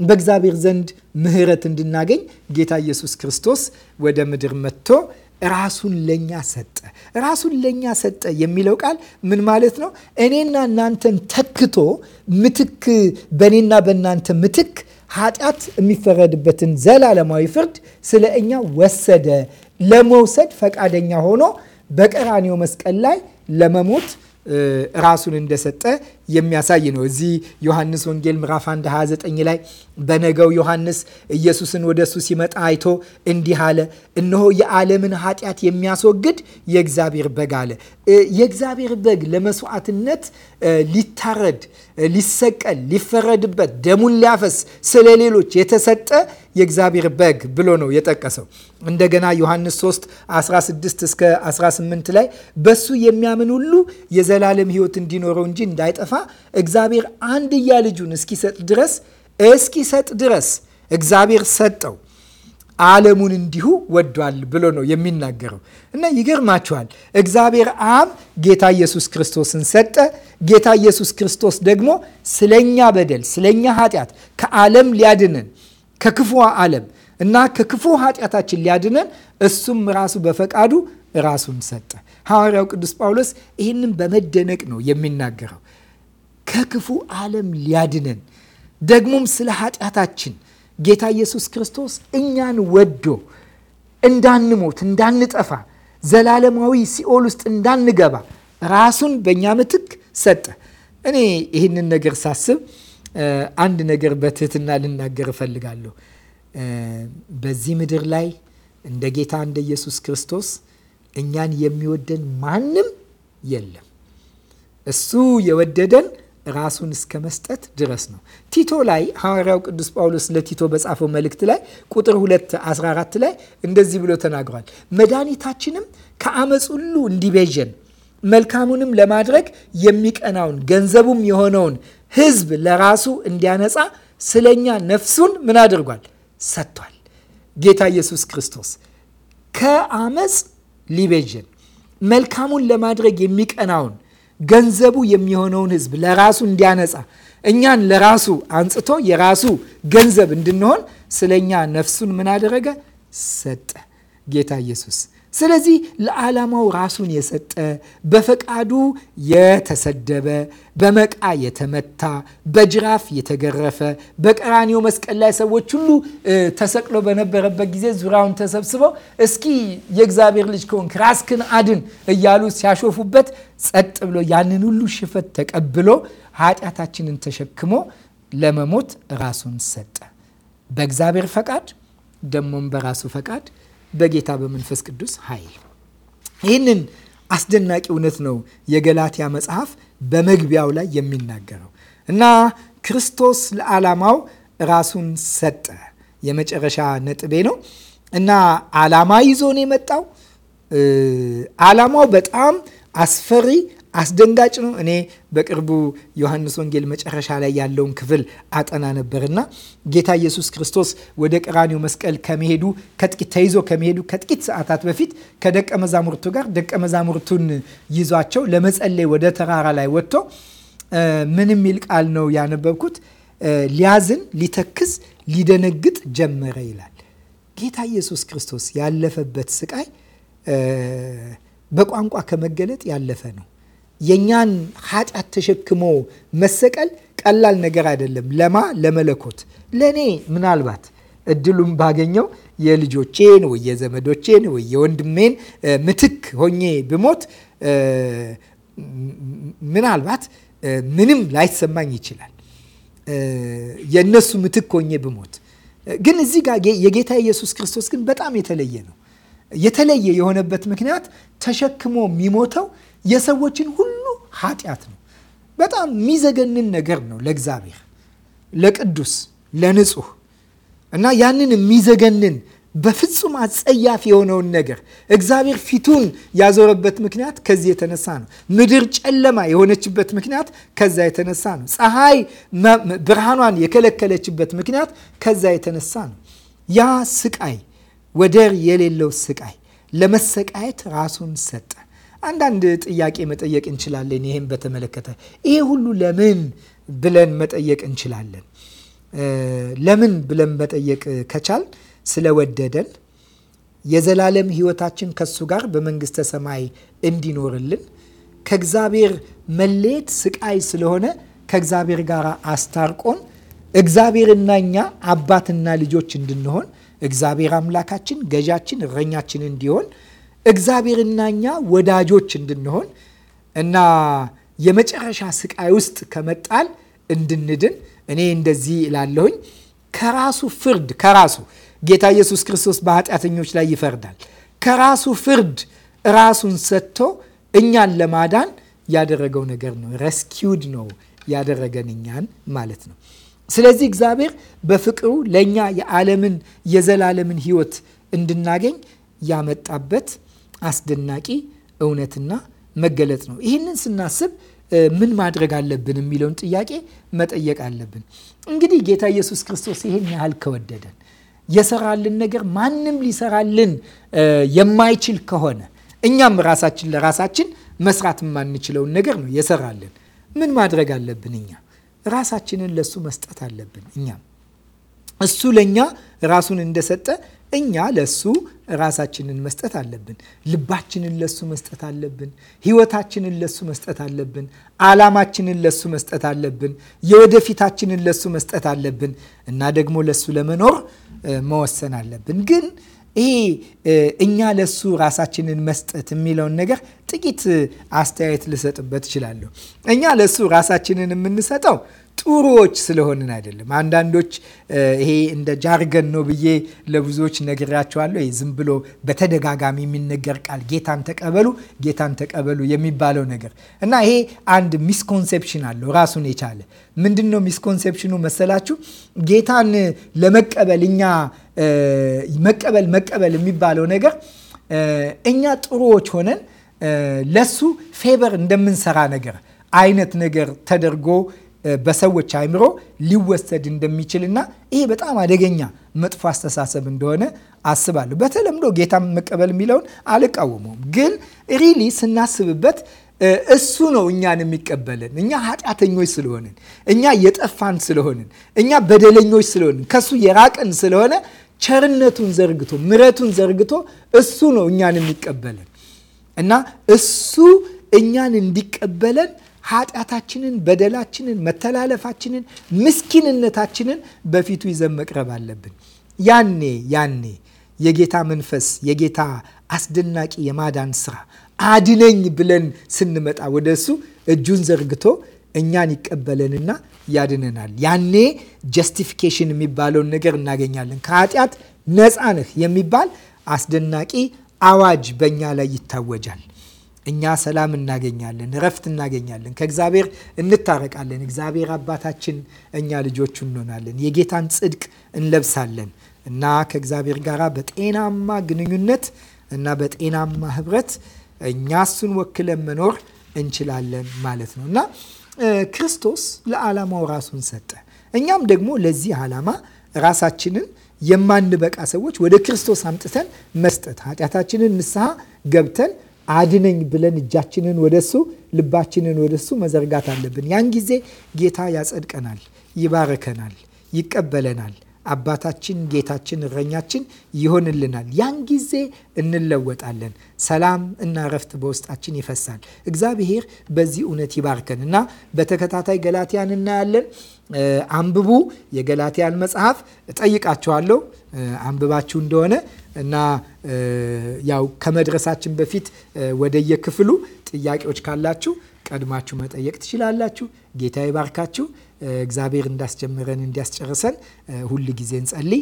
በእግዚአብሔር ዘንድ ምሕረት እንድናገኝ ጌታ ኢየሱስ ክርስቶስ ወደ ምድር መጥቶ ራሱን ለእኛ ሰጠ። ራሱን ለእኛ ሰጠ የሚለው ቃል ምን ማለት ነው? እኔና እናንተን ተክቶ ምትክ በእኔና በእናንተ ምትክ ኃጢአት የሚፈረድበትን ዘላለማዊ ፍርድ ስለ እኛ ወሰደ። ለመውሰድ ፈቃደኛ ሆኖ በቀራኔው መስቀል ላይ ለመሞት ራሱን እንደሰጠ የሚያሳይ ነው። እዚህ ዮሐንስ ወንጌል ምዕራፍ 1 29 ላይ በነገው ዮሐንስ ኢየሱስን ወደ እሱ ሲመጣ አይቶ እንዲህ አለ፣ እነሆ የዓለምን ኃጢአት የሚያስወግድ የእግዚአብሔር በግ አለ። የእግዚአብሔር በግ ለመስዋዕትነት ሊታረድ፣ ሊሰቀል፣ ሊፈረድበት፣ ደሙን ሊያፈስ ስለ ሌሎች የተሰጠ የእግዚአብሔር በግ ብሎ ነው የጠቀሰው። እንደገና ዮሐንስ 3 16 እስከ 18 ላይ በሱ የሚያምን ሁሉ የዘላለም ሕይወት እንዲኖረው እንጂ እንዳይጠፋ እግዚአብሔር አንድያ ልጁን እስኪሰጥ ድረስ እስኪሰጥ ድረስ እግዚአብሔር ሰጠው ዓለሙን እንዲሁ ወዷል ብሎ ነው የሚናገረው። እና ይገርማችኋል፣ እግዚአብሔር አብ ጌታ ኢየሱስ ክርስቶስን ሰጠ። ጌታ ኢየሱስ ክርስቶስ ደግሞ ስለኛ በደል፣ ስለኛ ኃጢአት ከዓለም ሊያድንን ከክፉዋ ዓለም እና ከክፉ ኃጢአታችን ሊያድነን እሱም ራሱ በፈቃዱ ራሱን ሰጠ። ሐዋርያው ቅዱስ ጳውሎስ ይህንም በመደነቅ ነው የሚናገረው። ከክፉ ዓለም ሊያድነን ደግሞም ስለ ኃጢአታችን ጌታ ኢየሱስ ክርስቶስ እኛን ወዶ እንዳንሞት እንዳንጠፋ ዘላለማዊ ሲኦል ውስጥ እንዳንገባ ራሱን በእኛ ምትክ ሰጠ። እኔ ይህንን ነገር ሳስብ አንድ ነገር በትህትና ልናገር እፈልጋለሁ። በዚህ ምድር ላይ እንደ ጌታ እንደ ኢየሱስ ክርስቶስ እኛን የሚወደን ማንም የለም። እሱ የወደደን ራሱን እስከ መስጠት ድረስ ነው። ቲቶ ላይ ሐዋርያው ቅዱስ ጳውሎስ ለቲቶ በጻፈው መልእክት ላይ ቁጥር 2 14 ላይ እንደዚህ ብሎ ተናግሯል። መድኃኒታችንም ከአመፅ ሁሉ እንዲቤዥን መልካሙንም ለማድረግ የሚቀናውን ገንዘቡም የሆነውን ህዝብ ለራሱ እንዲያነጻ ስለኛ ነፍሱን ምን አድርጓል? ሰጥቷል። ጌታ ኢየሱስ ክርስቶስ ከአመፅ ሊቤዥን መልካሙን ለማድረግ የሚቀናውን ገንዘቡ የሚሆነውን ህዝብ ለራሱ እንዲያነጻ እኛን ለራሱ አንጽቶ የራሱ ገንዘብ እንድንሆን ስለኛ ነፍሱን ምን አደረገ? ሰጠ ጌታ ኢየሱስ። ስለዚህ ለዓላማው ራሱን የሰጠ በፈቃዱ የተሰደበ በመቃ የተመታ በጅራፍ የተገረፈ በቀራኒው መስቀል ላይ ሰዎች ሁሉ ተሰቅሎ በነበረበት ጊዜ ዙሪያውን ተሰብስበው እስኪ የእግዚአብሔር ልጅ ከሆንክ ራስክን አድን እያሉ ሲያሾፉበት ጸጥ ብሎ ያንን ሁሉ ሽፈት ተቀብሎ ኃጢአታችንን ተሸክሞ ለመሞት ራሱን ሰጠ። በእግዚአብሔር ፈቃድ ደግሞም በራሱ ፈቃድ በጌታ በመንፈስ ቅዱስ ኃይል። ይህንን አስደናቂ እውነት ነው የገላትያ መጽሐፍ በመግቢያው ላይ የሚናገረው እና ክርስቶስ ለዓላማው ራሱን ሰጠ። የመጨረሻ ነጥቤ ነው እና ዓላማ ይዞ ነው የመጣው። ዓላማው በጣም አስፈሪ አስደንጋጭ ነው። እኔ በቅርቡ ዮሐንስ ወንጌል መጨረሻ ላይ ያለውን ክፍል አጠና ነበርና ጌታ ኢየሱስ ክርስቶስ ወደ ቀራኒው መስቀል ከመሄዱ ከጥቂት ተይዞ ከመሄዱ ከጥቂት ሰዓታት በፊት ከደቀ መዛሙርቱ ጋር ደቀ መዛሙርቱን ይዟቸው ለመጸለይ ወደ ተራራ ላይ ወጥቶ ምን የሚል ቃል ነው ያነበብኩት? ሊያዝን፣ ሊተክዝ፣ ሊደነግጥ ጀመረ ይላል። ጌታ ኢየሱስ ክርስቶስ ያለፈበት ስቃይ በቋንቋ ከመገለጥ ያለፈ ነው። የእኛን ኃጢአት ተሸክሞ መሰቀል ቀላል ነገር አይደለም። ለማ ለመለኮት ለእኔ ምናልባት እድሉም ባገኘው የልጆቼን ወይ የዘመዶቼን ወይ የወንድሜን ምትክ ሆኜ ብሞት ምናልባት ምንም ላይሰማኝ ይችላል። የእነሱ ምትክ ሆኜ ብሞት ግን እዚህ ጋር የጌታ ኢየሱስ ክርስቶስ ግን በጣም የተለየ ነው። የተለየ የሆነበት ምክንያት ተሸክሞ የሚሞተው የሰዎችን ሁሉ ኃጢአት ነው። በጣም የሚዘገንን ነገር ነው ለእግዚአብሔር፣ ለቅዱስ፣ ለንጹህ እና ያንን የሚዘገንን በፍጹም አጸያፊ የሆነውን ነገር እግዚአብሔር ፊቱን ያዞረበት ምክንያት ከዚህ የተነሳ ነው። ምድር ጨለማ የሆነችበት ምክንያት ከዛ የተነሳ ነው። ፀሐይ ብርሃኗን የከለከለችበት ምክንያት ከዛ የተነሳ ነው። ያ ስቃይ ወደር የሌለው ስቃይ ለመሰቃየት ራሱን ሰጠ። አንዳንድ ጥያቄ መጠየቅ እንችላለን። ይህም በተመለከተ ይሄ ሁሉ ለምን ብለን መጠየቅ እንችላለን። ለምን ብለን መጠየቅ ከቻል ስለወደደን የዘላለም ሕይወታችን ከሱ ጋር በመንግስተ ሰማይ እንዲኖርልን ከእግዚአብሔር መለየት ስቃይ ስለሆነ ከእግዚአብሔር ጋር አስታርቆን እግዚአብሔርና እኛ አባትና ልጆች እንድንሆን እግዚአብሔር አምላካችን ገዣችን፣ እረኛችን እንዲሆን እግዚአብሔርና እኛ ወዳጆች እንድንሆን እና የመጨረሻ ስቃይ ውስጥ ከመጣል እንድንድን እኔ እንደዚህ እላለሁኝ። ከራሱ ፍርድ ከራሱ ጌታ ኢየሱስ ክርስቶስ በኃጢአተኞች ላይ ይፈርዳል። ከራሱ ፍርድ ራሱን ሰጥቶ እኛን ለማዳን ያደረገው ነገር ነው። ረስኪውድ ነው ያደረገን እኛን ማለት ነው። ስለዚህ እግዚአብሔር በፍቅሩ ለእኛ የዓለምን የዘላለምን ህይወት እንድናገኝ ያመጣበት አስደናቂ እውነትና መገለጥ ነው። ይህንን ስናስብ ምን ማድረግ አለብን የሚለውን ጥያቄ መጠየቅ አለብን። እንግዲህ ጌታ ኢየሱስ ክርስቶስ ይህን ያህል ከወደደን የሰራልን ነገር ማንም ሊሰራልን የማይችል ከሆነ እኛም ራሳችን ለራሳችን መስራት የማንችለውን ነገር ነው የሰራልን። ምን ማድረግ አለብን እኛ ራሳችንን ለሱ መስጠት አለብን። እኛም እሱ ለእኛ ራሱን እንደሰጠ እኛ ለሱ ራሳችንን መስጠት አለብን። ልባችንን ለሱ መስጠት አለብን። ህይወታችንን ለሱ መስጠት አለብን። አላማችንን ለሱ መስጠት አለብን። የወደፊታችንን ለሱ መስጠት አለብን እና ደግሞ ለሱ ለመኖር መወሰን አለብን ግን ይሄ እኛ ለሱ ራሳችንን መስጠት የሚለውን ነገር ጥቂት አስተያየት ልሰጥበት እችላለሁ። እኛ ለሱ ራሳችንን የምንሰጠው ጥሩዎች ስለሆንን አይደለም። አንዳንዶች ይሄ እንደ ጃርገን ነው ብዬ ለብዙዎች ነግራቸዋለሁ። ዝም ብሎ በተደጋጋሚ የሚነገር ቃል ጌታን ተቀበሉ፣ ጌታን ተቀበሉ የሚባለው ነገር እና ይሄ አንድ ሚስኮንሴፕሽን አለው ራሱን የቻለ ምንድን ነው ሚስኮንሴፕሽኑ መሰላችሁ? ጌታን ለመቀበል እኛ መቀበል መቀበል የሚባለው ነገር እኛ ጥሩዎች ሆነን ለሱ ፌበር እንደምንሰራ ነገር አይነት ነገር ተደርጎ በሰዎች አይምሮ ሊወሰድ እንደሚችልና ይሄ በጣም አደገኛ መጥፎ አስተሳሰብ እንደሆነ አስባለሁ። በተለምዶ ጌታ መቀበል የሚለውን አልቃወመውም፣ ግን ሪሊ ስናስብበት እሱ ነው እኛን የሚቀበልን። እኛ ኃጢአተኞች ስለሆንን፣ እኛ የጠፋን ስለሆንን፣ እኛ በደለኞች ስለሆንን፣ ከሱ የራቅን ስለሆነ ቸርነቱን ዘርግቶ ምረቱን ዘርግቶ እሱ ነው እኛን የሚቀበለን እና እሱ እኛን እንዲቀበለን ኃጢአታችንን፣ በደላችንን፣ መተላለፋችንን፣ ምስኪንነታችንን በፊቱ ይዘን መቅረብ አለብን። ያኔ ያኔ የጌታ መንፈስ የጌታ አስደናቂ የማዳን ስራ አድነኝ ብለን ስንመጣ ወደ እሱ እጁን ዘርግቶ እኛን ይቀበለንና ያድነናል። ያኔ ጀስቲፊኬሽን የሚባለውን ነገር እናገኛለን። ከኃጢአት ነፃ ነህ የሚባል አስደናቂ አዋጅ በእኛ ላይ ይታወጃል። እኛ ሰላም እናገኛለን፣ እረፍት እናገኛለን፣ ከእግዚአብሔር እንታረቃለን። እግዚአብሔር አባታችን፣ እኛ ልጆቹ እንሆናለን። የጌታን ጽድቅ እንለብሳለን እና ከእግዚአብሔር ጋር በጤናማ ግንኙነት እና በጤናማ ህብረት እኛ እሱን ወክለን መኖር እንችላለን ማለት ነው እና ክርስቶስ ለዓላማው ራሱን ሰጠ። እኛም ደግሞ ለዚህ ዓላማ ራሳችንን የማንበቃ ሰዎች ወደ ክርስቶስ አምጥተን መስጠት፣ ኃጢአታችንን ንስሐ ገብተን አድነኝ ብለን እጃችንን ወደሱ ልባችንን ወደሱ መዘርጋት አለብን። ያን ጊዜ ጌታ ያጸድቀናል፣ ይባረከናል፣ ይቀበለናል፣ አባታችን፣ ጌታችን፣ እረኛችን ይሆንልናል። ያን ጊዜ እንለወጣለን። ሰላም እና እረፍት በውስጣችን ይፈሳል። እግዚአብሔር በዚህ እውነት ይባርከን እና በተከታታይ ገላትያን እናያለን። አንብቡ። የገላትያን መጽሐፍ እጠይቃችኋለሁ አንብባችሁ እንደሆነ እና ያው ከመድረሳችን በፊት ወደየክፍሉ ጥያቄዎች ካላችሁ ቀድማችሁ መጠየቅ ትችላላችሁ። ጌታ ይባርካችሁ። እግዚአብሔር እንዳስጀምረን እንዲያስጨርሰን ሁል ጊዜ እንጸልይ።